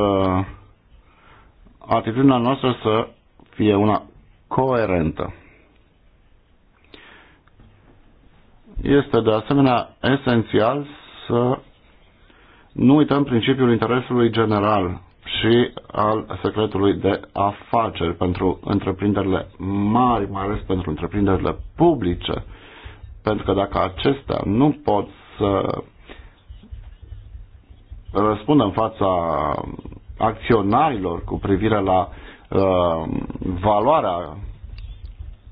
atitudinea noastră să fie una coerentă. Este de asemenea esențial să nu uităm principiul interesului general și al secretului de afaceri pentru întreprinderile mari, mai ales pentru întreprinderile publice, pentru că dacă acestea nu pot să răspundă în fața acționarilor cu privire la uh, valoarea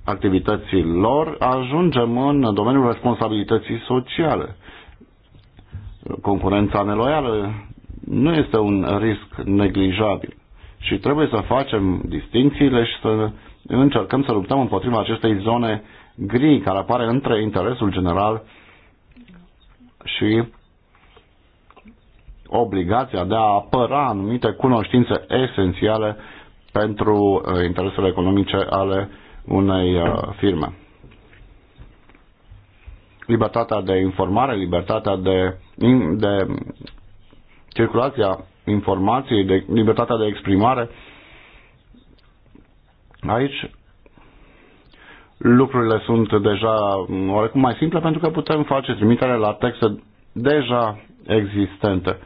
activității lor, ajungem în domeniul responsabilității sociale. Concurența neloială nu este un risc neglijabil și trebuie să facem distințiile și să încercăm să luptăm împotriva acestei zone gri care apare între interesul general și obligația de a apăra anumite cunoștințe esențiale pentru uh, interesele economice ale unei uh, firme. Libertatea de informare, libertatea de, de circulația informației, de libertatea de exprimare. Aici lucrurile sunt deja oarecum mai simple pentru că putem face trimitere la texte deja existente.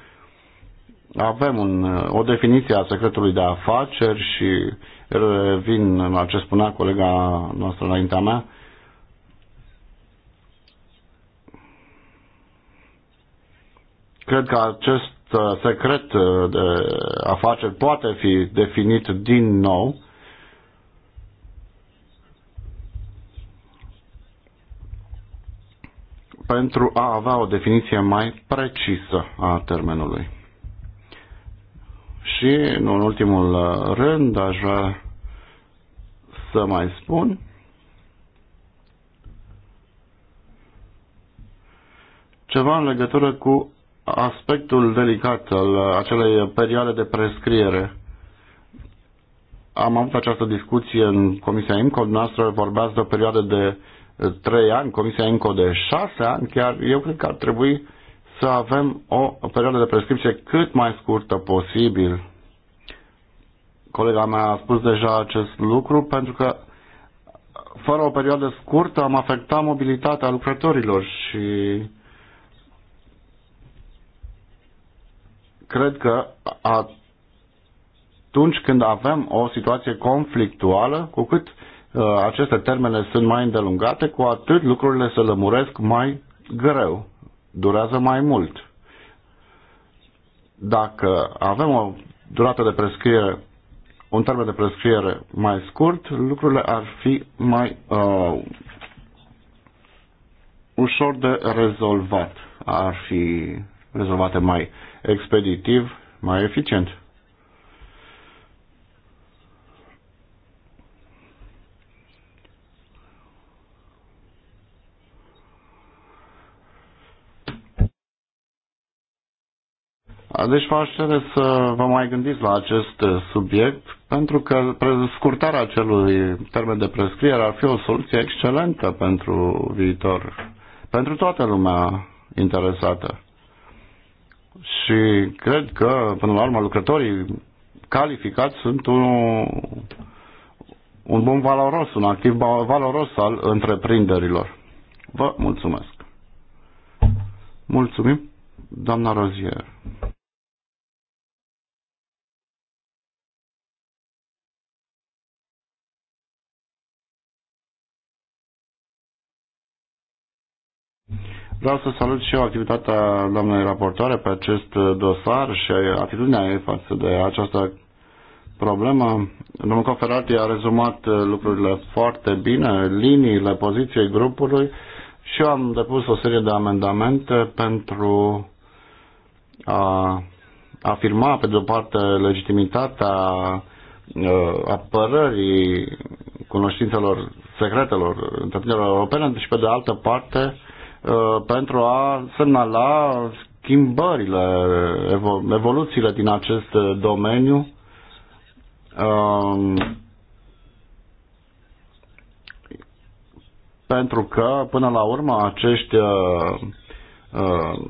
Avem un, o definiție a secretului de afaceri și revin la ce spunea colega noastră înaintea mea, cred că acest uh, secret uh, de afaceri poate fi definit din nou pentru a avea o definiție mai precisă a termenului. Și, nu în ultimul uh, rând, aș vrea să mai spun ceva în legătură cu aspectul delicat al acelei perioade de prescriere. Am avut această discuție în Comisia IMCO, noastră vorbeați de o perioadă de 3 ani, Comisia IMCO de 6 ani, chiar eu cred că ar trebui să avem o perioadă de prescripție cât mai scurtă posibil. Colega mea a spus deja acest lucru pentru că fără o perioadă scurtă am afectat mobilitatea lucrătorilor și cred că atunci când avem o situație conflictuală, cu cât uh, aceste termene sunt mai îndelungate, cu atât lucrurile se lămuresc mai greu durează mai mult. Dacă avem o durată de prescriere, un termen de prescriere mai scurt, lucrurile ar fi mai uh, ușor de rezolvat. Ar fi rezolvate mai expeditiv, mai eficient. Deci v-aș cere să vă mai gândiți la acest uh, subiect, pentru că scurtarea acelui termen de prescriere ar fi o soluție excelentă pentru viitor, pentru toată lumea interesată. Și cred că, până la urmă, lucrătorii calificați sunt un, un bun valoros, un activ valoros al întreprinderilor. Vă mulțumesc! Mulțumim, doamna Rozier! Vreau să salut și eu activitatea doamnei raportoare pe acest dosar și atitudinea ei față de această problemă. Domnul Coferati a rezumat lucrurile foarte bine, liniile poziției grupului și eu am depus o serie de amendamente pentru a afirma, pe de-o parte, legitimitatea uh, apărării cunoștințelor secretelor întreprinderilor europene și, pe de altă parte, Uh, pentru a semnala schimbările, evoluțiile din acest domeniu. Um, pentru că, până la urmă, acești uh, uh,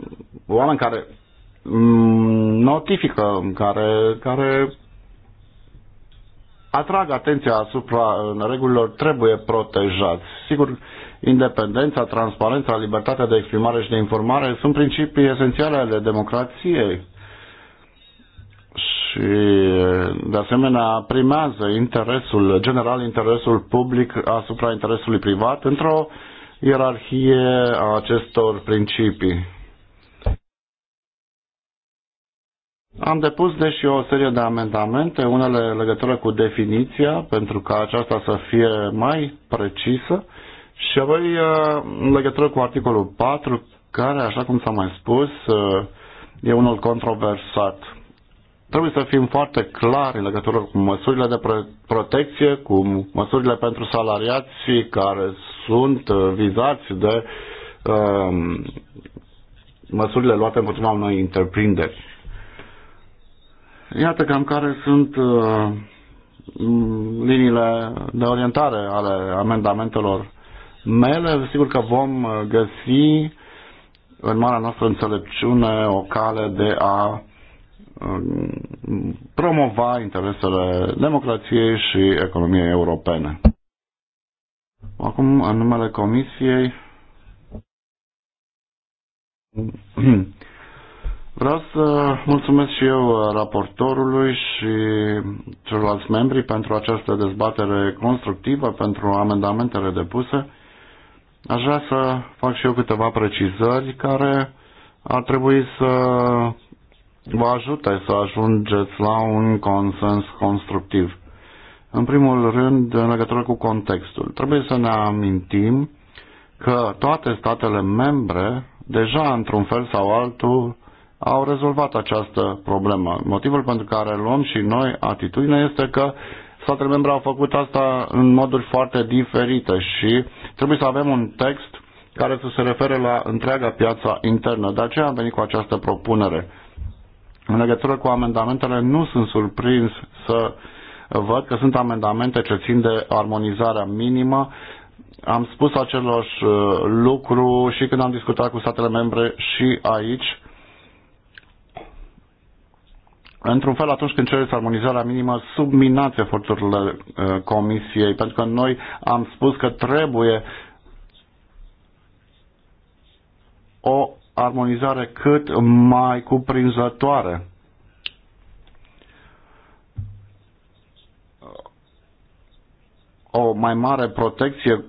oameni care notifică, care, care atrag atenția asupra regulilor, trebuie protejați. Sigur, independența, transparența, libertatea de exprimare și de informare sunt principii esențiale ale democrației. Și, de asemenea, primează interesul general, interesul public asupra interesului privat într-o ierarhie a acestor principii. Am depus deși o serie de amendamente, unele legătură cu definiția, pentru ca aceasta să fie mai precisă. Și apoi, uh, în legătură cu articolul 4, care, așa cum s-a mai spus, uh, e unul controversat. Trebuie să fim foarte clari în legătură cu măsurile de protecție, cu măsurile pentru salariații care sunt uh, vizați de um, măsurile luate împotriva unei întreprinderi. Iată cam care sunt uh, liniile de orientare ale amendamentelor mele, sigur că vom uh, găsi în marea noastră înțelepciune o cale de a um, promova interesele democrației și economiei europene. Acum, în numele Comisiei, vreau să mulțumesc și eu uh, raportorului și celorlalți membri pentru această dezbatere constructivă, pentru amendamentele depuse. Aș vrea să fac și eu câteva precizări care ar trebui să vă ajute să ajungeți la un consens constructiv. În primul rând, în legătură cu contextul. Trebuie să ne amintim că toate statele membre, deja într-un fel sau altul, au rezolvat această problemă. Motivul pentru care luăm și noi atitudine este că statele membre au făcut asta în moduri foarte diferite și Trebuie să avem un text care să se refere la întreaga piața internă. De aceea am venit cu această propunere. În legătură cu amendamentele, nu sunt surprins să văd că sunt amendamente ce țin de armonizarea minimă. Am spus același uh, lucru și când am discutat cu statele membre și aici într-un fel, atunci când cereți armonizarea minimă, subminați eforturile uh, Comisiei, pentru că noi am spus că trebuie o armonizare cât mai cuprinzătoare. O mai mare protecție,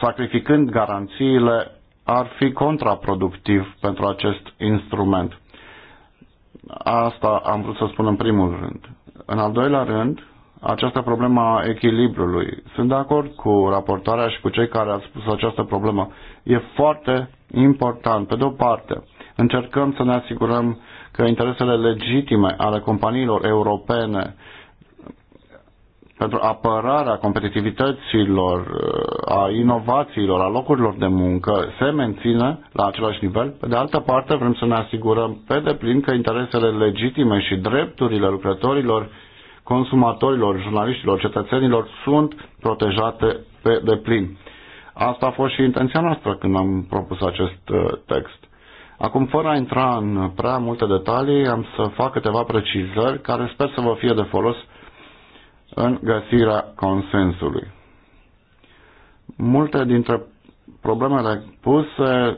sacrificând garanțiile, ar fi contraproductiv pentru acest instrument. Asta am vrut să spun în primul rând. În al doilea rând, această problemă a echilibrului. Sunt de acord cu raportarea și cu cei care au spus această problemă. E foarte important. Pe de o parte, încercăm să ne asigurăm că interesele legitime ale companiilor europene uh, pentru apărarea competitivităților, a inovațiilor, a locurilor de muncă se menține la același nivel. Pe de altă parte, vrem să ne asigurăm pe deplin că interesele legitime și drepturile lucrătorilor, consumatorilor, jurnaliștilor, cetățenilor sunt protejate pe deplin. Asta a fost și intenția noastră când am propus acest uh, text. Acum, fără a intra în prea multe detalii, am să fac câteva precizări care sper să vă fie de folos în găsirea consensului. Multe dintre problemele puse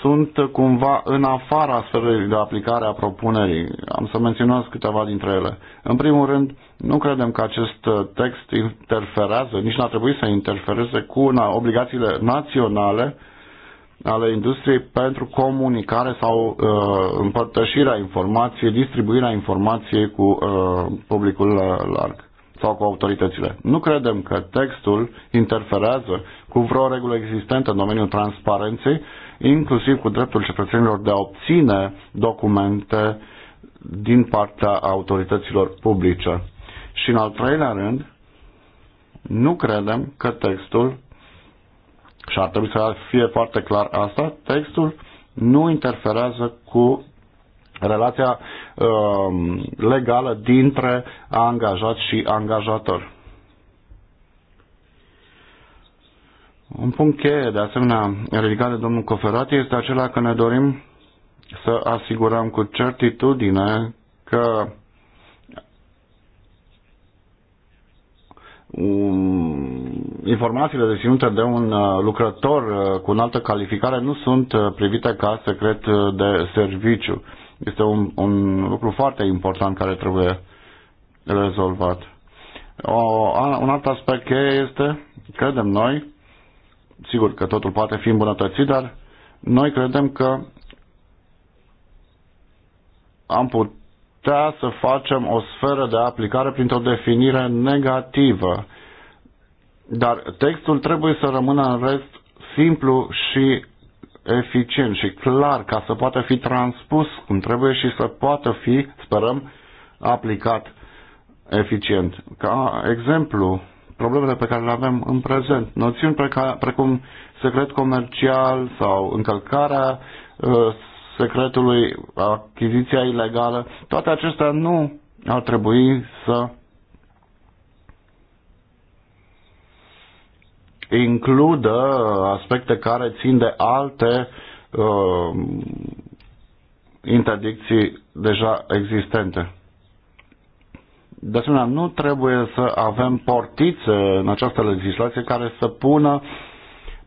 sunt cumva în afara sferei de aplicare a propunerii. Am să menționez câteva dintre ele. În primul rând, nu credem că acest text interferează, nici nu ar trebui să interfereze cu obligațiile naționale ale industriei pentru comunicare sau uh, împărtășirea informației, distribuirea informației cu uh, publicul larg sau cu autoritățile. Nu credem că textul interferează cu vreo regulă existentă în domeniul transparenței, inclusiv cu dreptul cetățenilor de a obține documente din partea autorităților publice. Și în al treilea rând, nu credem că textul și ar trebui să fie foarte clar asta, textul nu interferează cu relația uh, legală dintre angajat și angajator. Un punct cheie, de asemenea, ridicat de domnul Coferati, este acela că ne dorim să asigurăm cu certitudine că informațiile deținute de un uh, lucrător uh, cu înaltă calificare nu sunt uh, privite ca secret de serviciu. Este un, un lucru foarte important care trebuie rezolvat. O, un alt aspect cheie este, credem noi, sigur că totul poate fi îmbunătățit, dar noi credem că am putut putea să facem o sferă de aplicare printr-o definire negativă. Dar textul trebuie să rămână în rest simplu și eficient și clar ca să poată fi transpus cum trebuie și să poată fi, sperăm, aplicat eficient. Ca exemplu, problemele pe care le avem în prezent, noțiuni preca, precum secret comercial sau încălcarea uh, secretului, achiziția ilegală, toate acestea nu ar trebui să includă aspecte care țin de alte uh, interdicții deja existente. De asemenea, nu trebuie să avem portițe în această legislație care să pună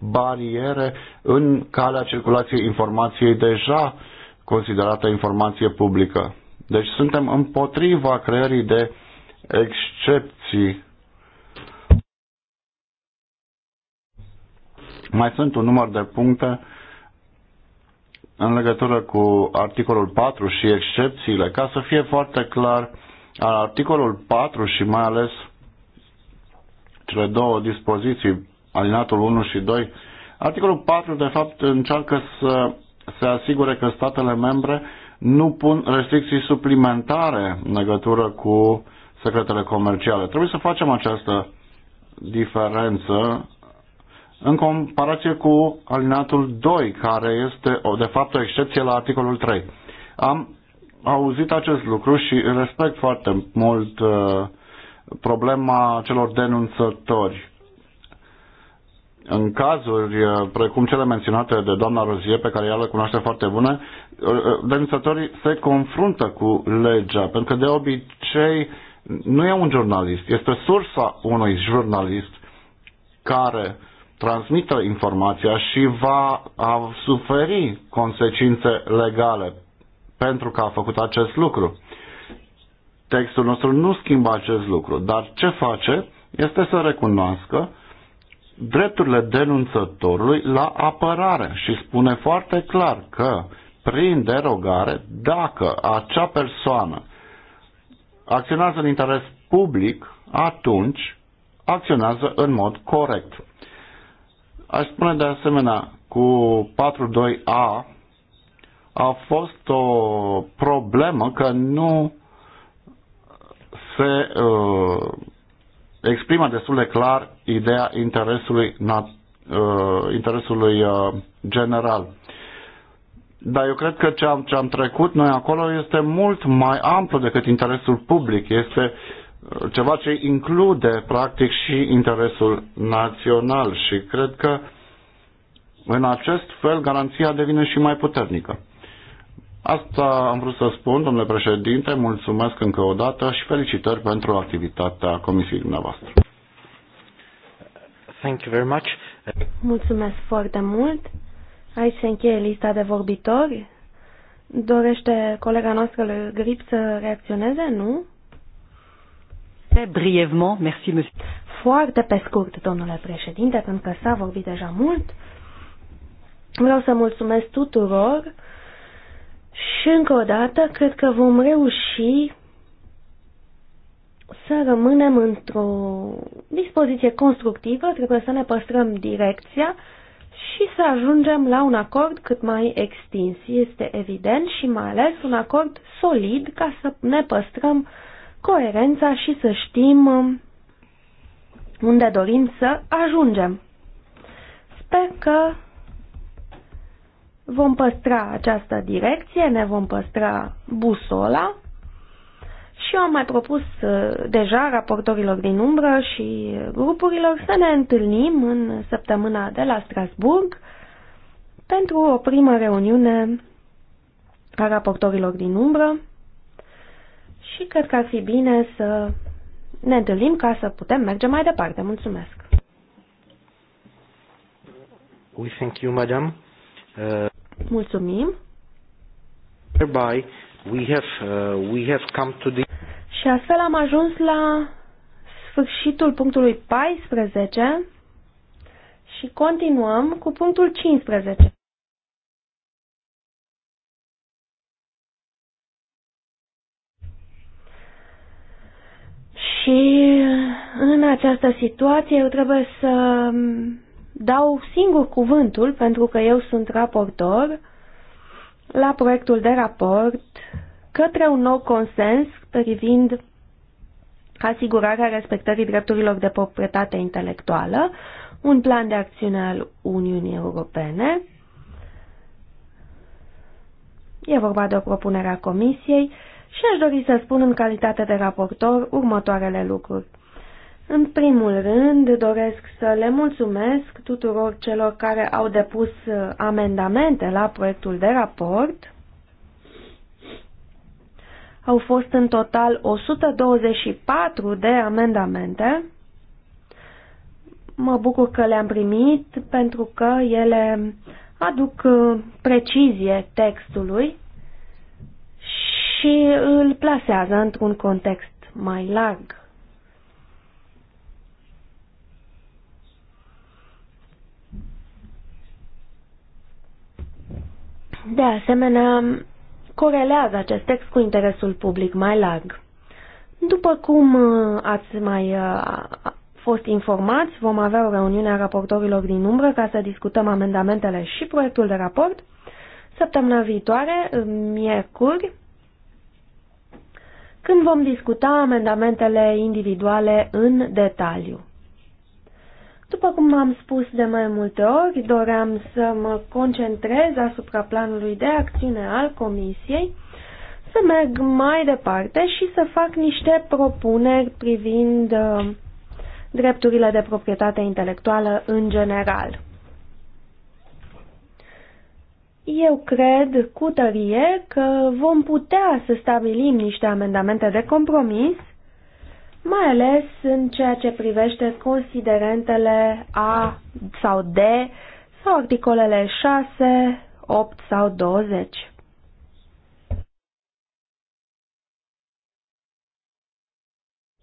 bariere în calea circulației informației deja considerată informație publică. Deci suntem împotriva creării de excepții. Mai sunt un număr de puncte în legătură cu articolul 4 și excepțiile. Ca să fie foarte clar, articolul 4 și mai ales cele două dispoziții alinatul 1 și 2. Articolul 4, de fapt, încearcă să se asigure că statele membre nu pun restricții suplimentare în legătură cu secretele comerciale. Trebuie să facem această diferență în comparație cu alinatul 2, care este de fapt o excepție la articolul 3. Am auzit acest lucru și respect foarte mult uh, problema celor denunțători în cazuri uh, precum cele menționate de doamna Rozie, pe care ea le cunoaște foarte bune, uh, uh, denunțatorii se confruntă cu legea, pentru că de obicei nu e un jurnalist, este sursa unui jurnalist care transmită informația și va suferi consecințe legale pentru că a făcut acest lucru. Textul nostru nu schimbă acest lucru, dar ce face este să recunoască drepturile denunțătorului la apărare și spune foarte clar că prin derogare, dacă acea persoană acționează în interes public, atunci acționează în mod corect. Aș spune de asemenea, cu 42A a fost o problemă că nu se uh, exprimă destul de clar ideea interesului, uh, interesului uh, general. Dar eu cred că ce am, ce am trecut noi acolo este mult mai amplu decât interesul public. Este uh, ceva ce include, practic, și interesul național și cred că în acest fel garanția devine și mai puternică. Asta am vrut să spun, domnule președinte, mulțumesc încă o dată și felicitări pentru activitatea comisiei dumneavoastră. Thank you very much.
Mulțumesc foarte mult. Aici se încheie lista de vorbitori. Dorește colega noastră Grip să reacționeze, nu?
Brievement, merci, monsieur.
Foarte pe scurt, domnule președinte, pentru că s-a vorbit deja mult. Vreau să mulțumesc tuturor și încă o dată cred că vom reuși să rămânem într-o dispoziție constructivă, trebuie să ne păstrăm direcția și să ajungem la un acord cât mai extins. Este evident și mai ales un acord solid ca să ne păstrăm coerența și să știm um, unde dorim să ajungem. Sper că vom păstra această direcție, ne vom păstra busola și eu am mai propus uh, deja raportorilor din umbră și uh, grupurilor să ne întâlnim în săptămâna de la Strasburg pentru o primă reuniune a raportorilor din umbră și cred că ar fi bine să ne întâlnim ca să putem merge mai departe. Mulțumesc!
We thank you, madam. Uh...
Mulțumim!
Hereby, we have, uh, we have come to the...
Și astfel am ajuns la sfârșitul punctului 14 și continuăm cu punctul 15. Și în această situație eu trebuie să dau singur cuvântul, pentru că eu sunt raportor, la proiectul de raport către un nou consens privind asigurarea respectării drepturilor de proprietate intelectuală, un plan de acțiune al Uniunii Europene. E vorba de o propunere a Comisiei și aș dori să spun în calitate de raportor următoarele lucruri. În primul rând, doresc să le mulțumesc tuturor celor care au depus uh, amendamente la proiectul de raport. Au fost în total 124 de amendamente. Mă bucur că le-am primit pentru că ele aduc uh, precizie textului și îl plasează într-un context mai larg. De asemenea, corelează acest text cu interesul public mai larg. După cum uh, ați mai uh, fost informați, vom avea o reuniune a raportorilor din umbră ca să discutăm amendamentele și proiectul de raport. Săptămâna viitoare, miercuri, când vom discuta amendamentele individuale în detaliu. După cum am spus de mai multe ori, doream să mă concentrez asupra planului de acțiune al Comisiei, să merg mai departe și să fac niște propuneri privind uh, drepturile de proprietate intelectuală în general. Eu cred cu tărie că vom putea să stabilim niște amendamente de compromis mai ales în ceea ce privește considerentele A sau D sau articolele 6, 8 sau 20.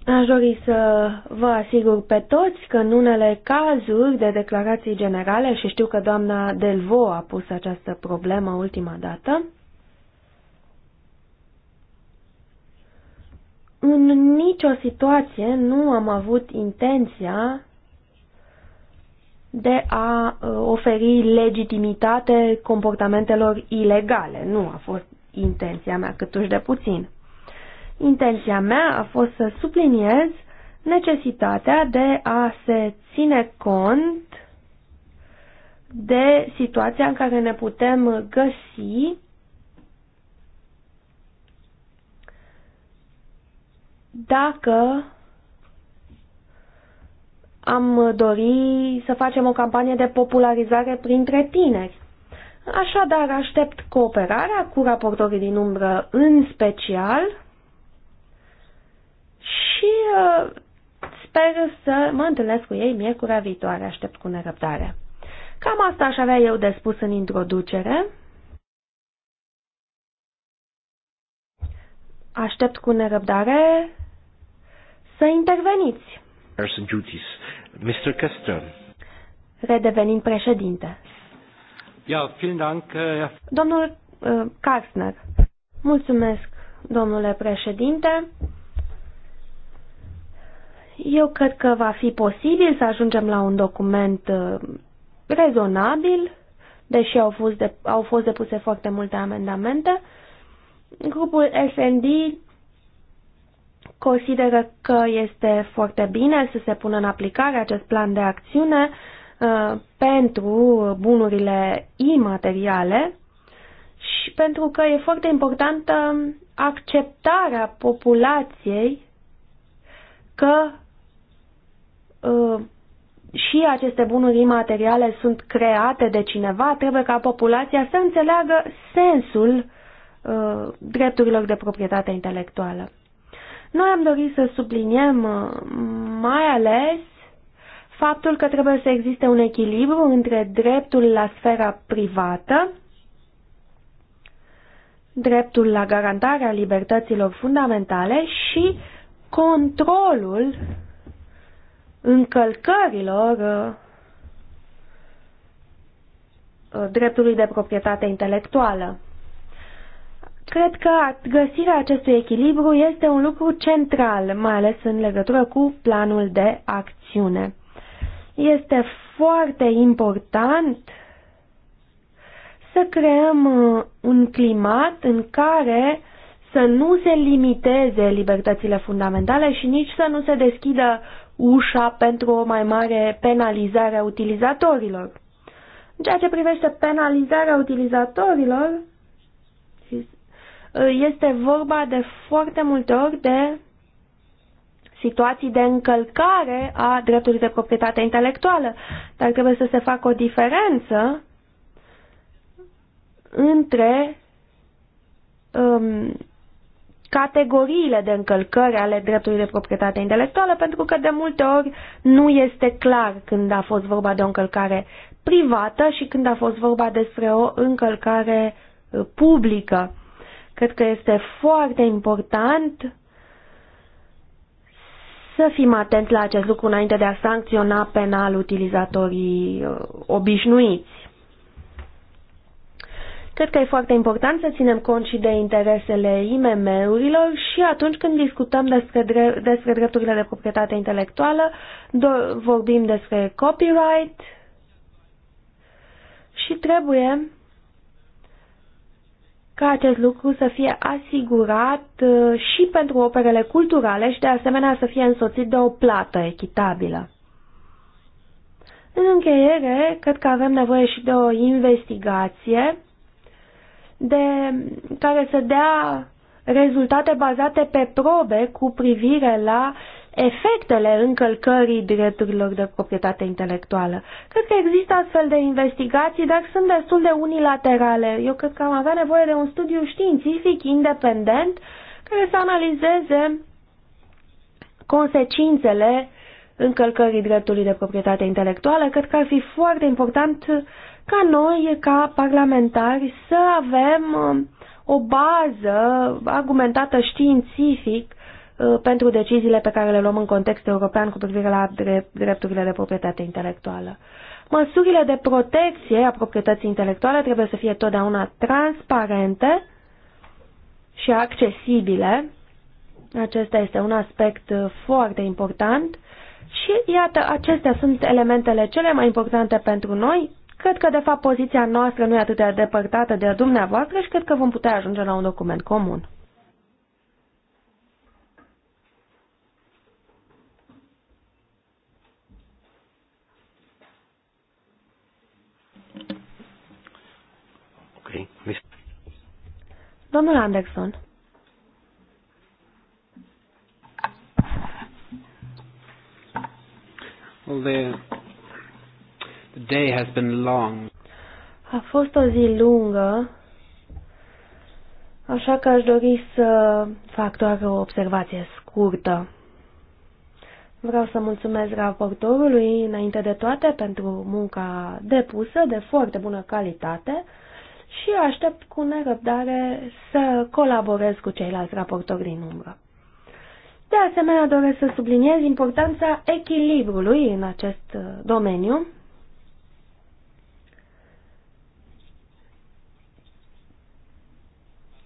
Aș dori să vă asigur pe toți că în unele cazuri de declarații generale, și știu că doamna Delvo a pus această problemă ultima dată, În nicio situație nu am avut intenția de a uh, oferi legitimitate comportamentelor ilegale. Nu a fost intenția mea, cât uși de puțin. Intenția mea a fost să subliniez necesitatea de a se ține cont de situația în care ne putem găsi dacă am dori să facem o campanie de popularizare printre tineri. Așadar, aștept cooperarea cu raportorii din umbră în special și uh, sper să mă întâlnesc cu ei miercurea viitoare, aștept cu nerăbdare. Cam asta aș avea eu de spus în introducere. Aștept cu nerăbdare să interveniți.
Duties. Mr. Kester.
Redevenind președinte.
Ja, vielen Dank. Äh,
Domnul uh, Karsner. Mulțumesc, domnule președinte. Eu cred că va fi posibil să ajungem la un document uh, rezonabil, deși au fost, de, au fost depuse foarte multe amendamente. Grupul SND consideră că este foarte bine să se pună în aplicare acest plan de acțiune uh, pentru bunurile imateriale și pentru că e foarte importantă acceptarea populației că uh, și aceste bunuri imateriale sunt create de cineva, trebuie ca populația să înțeleagă sensul uh, drepturilor de proprietate intelectuală. Noi am dorit să subliniem uh, mai ales faptul că trebuie să existe un echilibru între dreptul la sfera privată, dreptul la garantarea libertăților fundamentale și controlul încălcărilor uh, uh, dreptului de proprietate intelectuală. Cred că găsirea acestui echilibru este un lucru central, mai ales în legătură cu planul de acțiune. Este foarte important să creăm uh, un climat în care să nu se limiteze libertățile fundamentale și nici să nu se deschidă ușa pentru o mai mare penalizare a utilizatorilor. În ceea ce privește penalizarea utilizatorilor, este vorba de foarte multe ori de situații de încălcare a dreptului de proprietate intelectuală, dar trebuie să se facă o diferență între um, categoriile de încălcări ale dreptului de proprietate intelectuală, pentru că de multe ori nu este clar când a fost vorba de o încălcare privată și când a fost vorba despre o încălcare uh, publică. Cred că este foarte important să fim atenți la acest lucru înainte de a sancționa penal utilizatorii uh, obișnuiți. Cred că e foarte important să ținem cont și de interesele IMM-urilor și atunci când discutăm despre, drept, despre drepturile de proprietate intelectuală, do- vorbim despre copyright și trebuie ca acest lucru să fie asigurat uh, și pentru operele culturale și de asemenea să fie însoțit de o plată echitabilă. În încheiere, cred că avem nevoie și de o investigație de, care să dea rezultate bazate pe probe cu privire la efectele încălcării drepturilor de proprietate intelectuală. Cred că există astfel de investigații, dar sunt destul de unilaterale. Eu cred că am avea nevoie de un studiu științific independent care să analizeze consecințele încălcării dreptului de proprietate intelectuală. Cred că ar fi foarte important ca noi, ca parlamentari, să avem uh, o bază argumentată științific Uh, pentru deciziile pe care le luăm în context european cu privire la drepturile de proprietate intelectuală. Măsurile de protecție a proprietății intelectuale trebuie să fie totdeauna transparente și accesibile. Acesta este un aspect uh, foarte important. Și iată, acestea sunt elementele cele mai importante pentru noi. Cred că, de fapt, poziția noastră nu e atât de depărtată de dumneavoastră și cred că vom putea ajunge la un document comun. Domnul Anderson.
Well, the, the day has been long.
A fost o zi lungă, așa că aș dori să fac doar o observație scurtă. Vreau să mulțumesc raportorului, înainte de toate, pentru munca depusă, de foarte bună calitate, și aștept cu nerăbdare să colaborez cu ceilalți raportori din umbră. De asemenea, doresc să subliniez importanța echilibrului în acest uh, domeniu.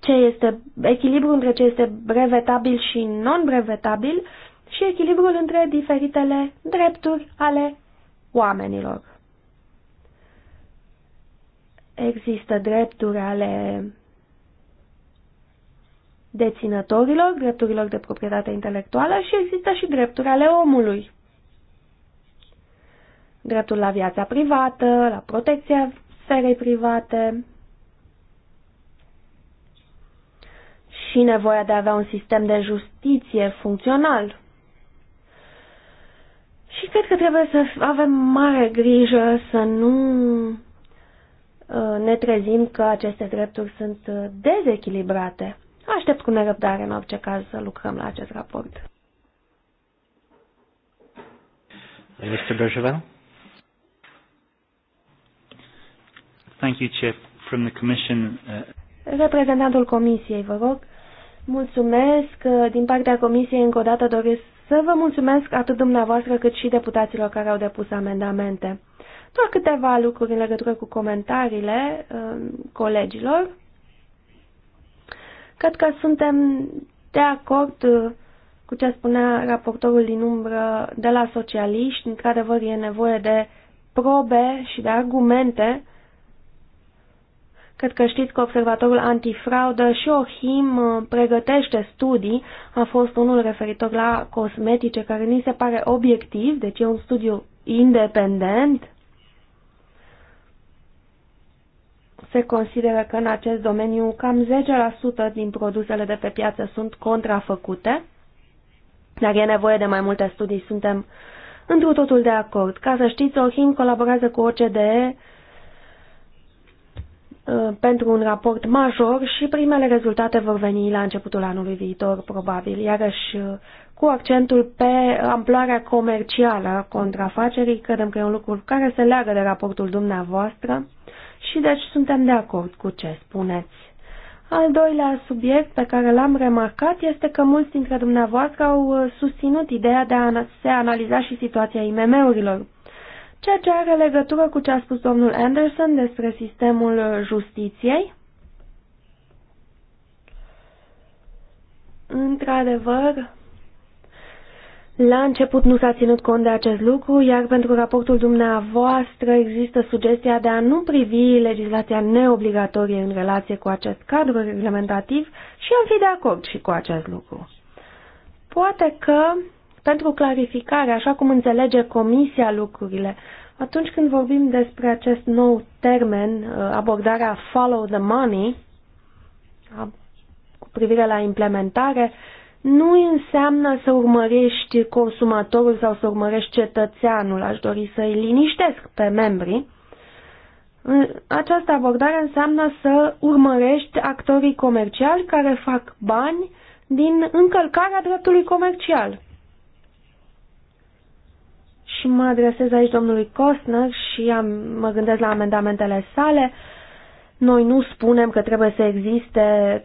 Ce este echilibru între ce este brevetabil și non-brevetabil și echilibrul între diferitele drepturi ale oamenilor. Există drepturi ale deținătorilor, drepturilor de proprietate intelectuală și există și drepturi ale omului. Dreptul la viața privată, la protecția sferei private și nevoia de a avea un sistem de justiție funcțional. Și cred că trebuie să avem mare grijă să nu Uh, ne trezim că aceste drepturi sunt uh, dezechilibrate. Aștept cu nerăbdare, în orice caz, să lucrăm la acest raport.
Mr. Bergevin? Thank you, From the commission,
uh, Reprezentantul Comisiei, vă rog. Mulțumesc. Din partea Comisiei, încă o dată doresc să vă mulțumesc atât dumneavoastră cât și deputaților care au depus amendamente. Doar câteva lucruri în legătură cu comentariile um, colegilor. Cred că suntem de acord uh, cu ce spunea raportorul din umbră de la socialiști. Într-adevăr, e nevoie de probe și de argumente. Cred că știți că Observatorul Antifraudă și OHIM uh, pregătește studii. A fost unul referitor la cosmetice care ni se pare obiectiv, deci e un studiu independent. se consideră că în acest domeniu cam 10% din produsele de pe piață sunt contrafăcute, dar e nevoie de mai multe studii, suntem într totul de acord. Ca să știți, OHIM colaborează cu OCDE uh, pentru un raport major și primele rezultate vor veni la începutul anului viitor, probabil, iarăși uh, cu accentul pe amploarea comercială a contrafacerii, credem că e un lucru care se leagă de raportul dumneavoastră și deci suntem de acord cu ce spuneți. Al doilea subiect pe care l-am remarcat este că mulți dintre dumneavoastră au uh, susținut ideea de a se analiza și situația IMM-urilor, ceea ce are legătură cu ce a spus domnul Anderson despre sistemul uh, justiției. Într-adevăr, la început nu s-a ținut cont de acest lucru, iar pentru raportul dumneavoastră există sugestia de a nu privi legislația neobligatorie în relație cu acest cadru reglementativ și am fi de acord și cu acest lucru. Poate că, pentru clarificare, așa cum înțelege Comisia lucrurile, atunci când vorbim despre acest nou termen, uh, abordarea follow the money, cu privire la implementare, nu înseamnă să urmărești consumatorul sau să urmărești cetățeanul. Aș dori să-i liniștesc pe membrii. Această abordare înseamnă să urmărești actorii comerciali care fac bani din încălcarea dreptului comercial. Și mă adresez aici domnului Costner și am, mă gândesc la amendamentele sale. Noi nu spunem că trebuie să existe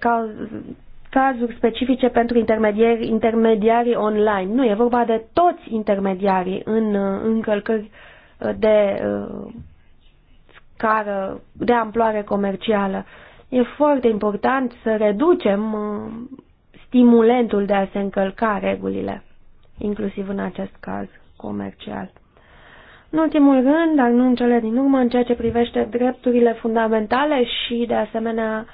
cazuri specifice pentru intermediari, intermediarii online. Nu, e vorba de toți intermediarii în uh, încălcări uh, de uh, scară, de amploare comercială. E foarte important să reducem stimulentul de a se încălca regulile, inclusiv în acest caz comercial. În ultimul rând, dar nu în cele din urmă, în ceea ce privește drepturile fundamentale și, de asemenea,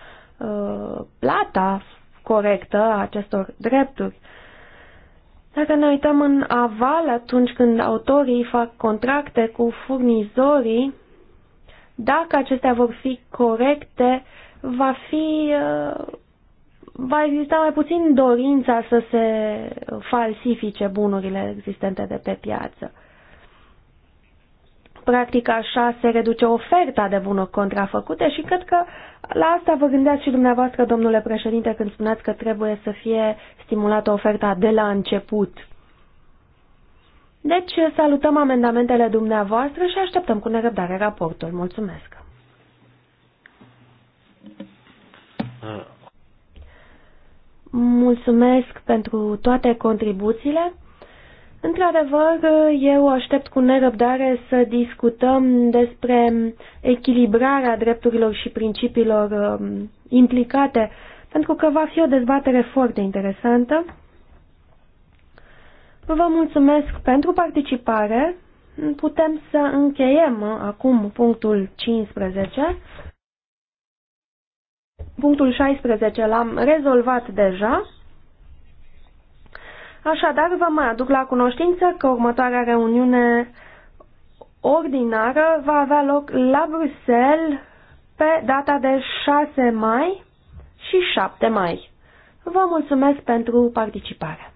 plata corectă a acestor drepturi. Dacă ne uităm în aval atunci când autorii fac contracte cu furnizorii, dacă acestea vor fi corecte, va fi uh, va exista mai puțin dorința să se falsifice bunurile existente de pe piață. Practic așa se reduce oferta de bunuri contrafăcute și cred că la asta vă gândeați și dumneavoastră, domnule președinte, când spuneați că trebuie să fie stimulată oferta de la început. Deci salutăm amendamentele dumneavoastră și așteptăm cu nerăbdare raportul. Mulțumesc! Mulțumesc pentru toate contribuțiile. Într-adevăr, eu aștept cu nerăbdare să discutăm despre echilibrarea drepturilor și principiilor um, implicate, pentru că va fi o dezbatere foarte interesantă. Vă mulțumesc pentru participare. Putem să încheiem acum punctul 15. Punctul 16 l-am rezolvat deja. Așadar, vă mai aduc la cunoștință că următoarea reuniune ordinară va avea loc la Bruxelles pe data de 6 mai și 7 mai. Vă mulțumesc pentru participare.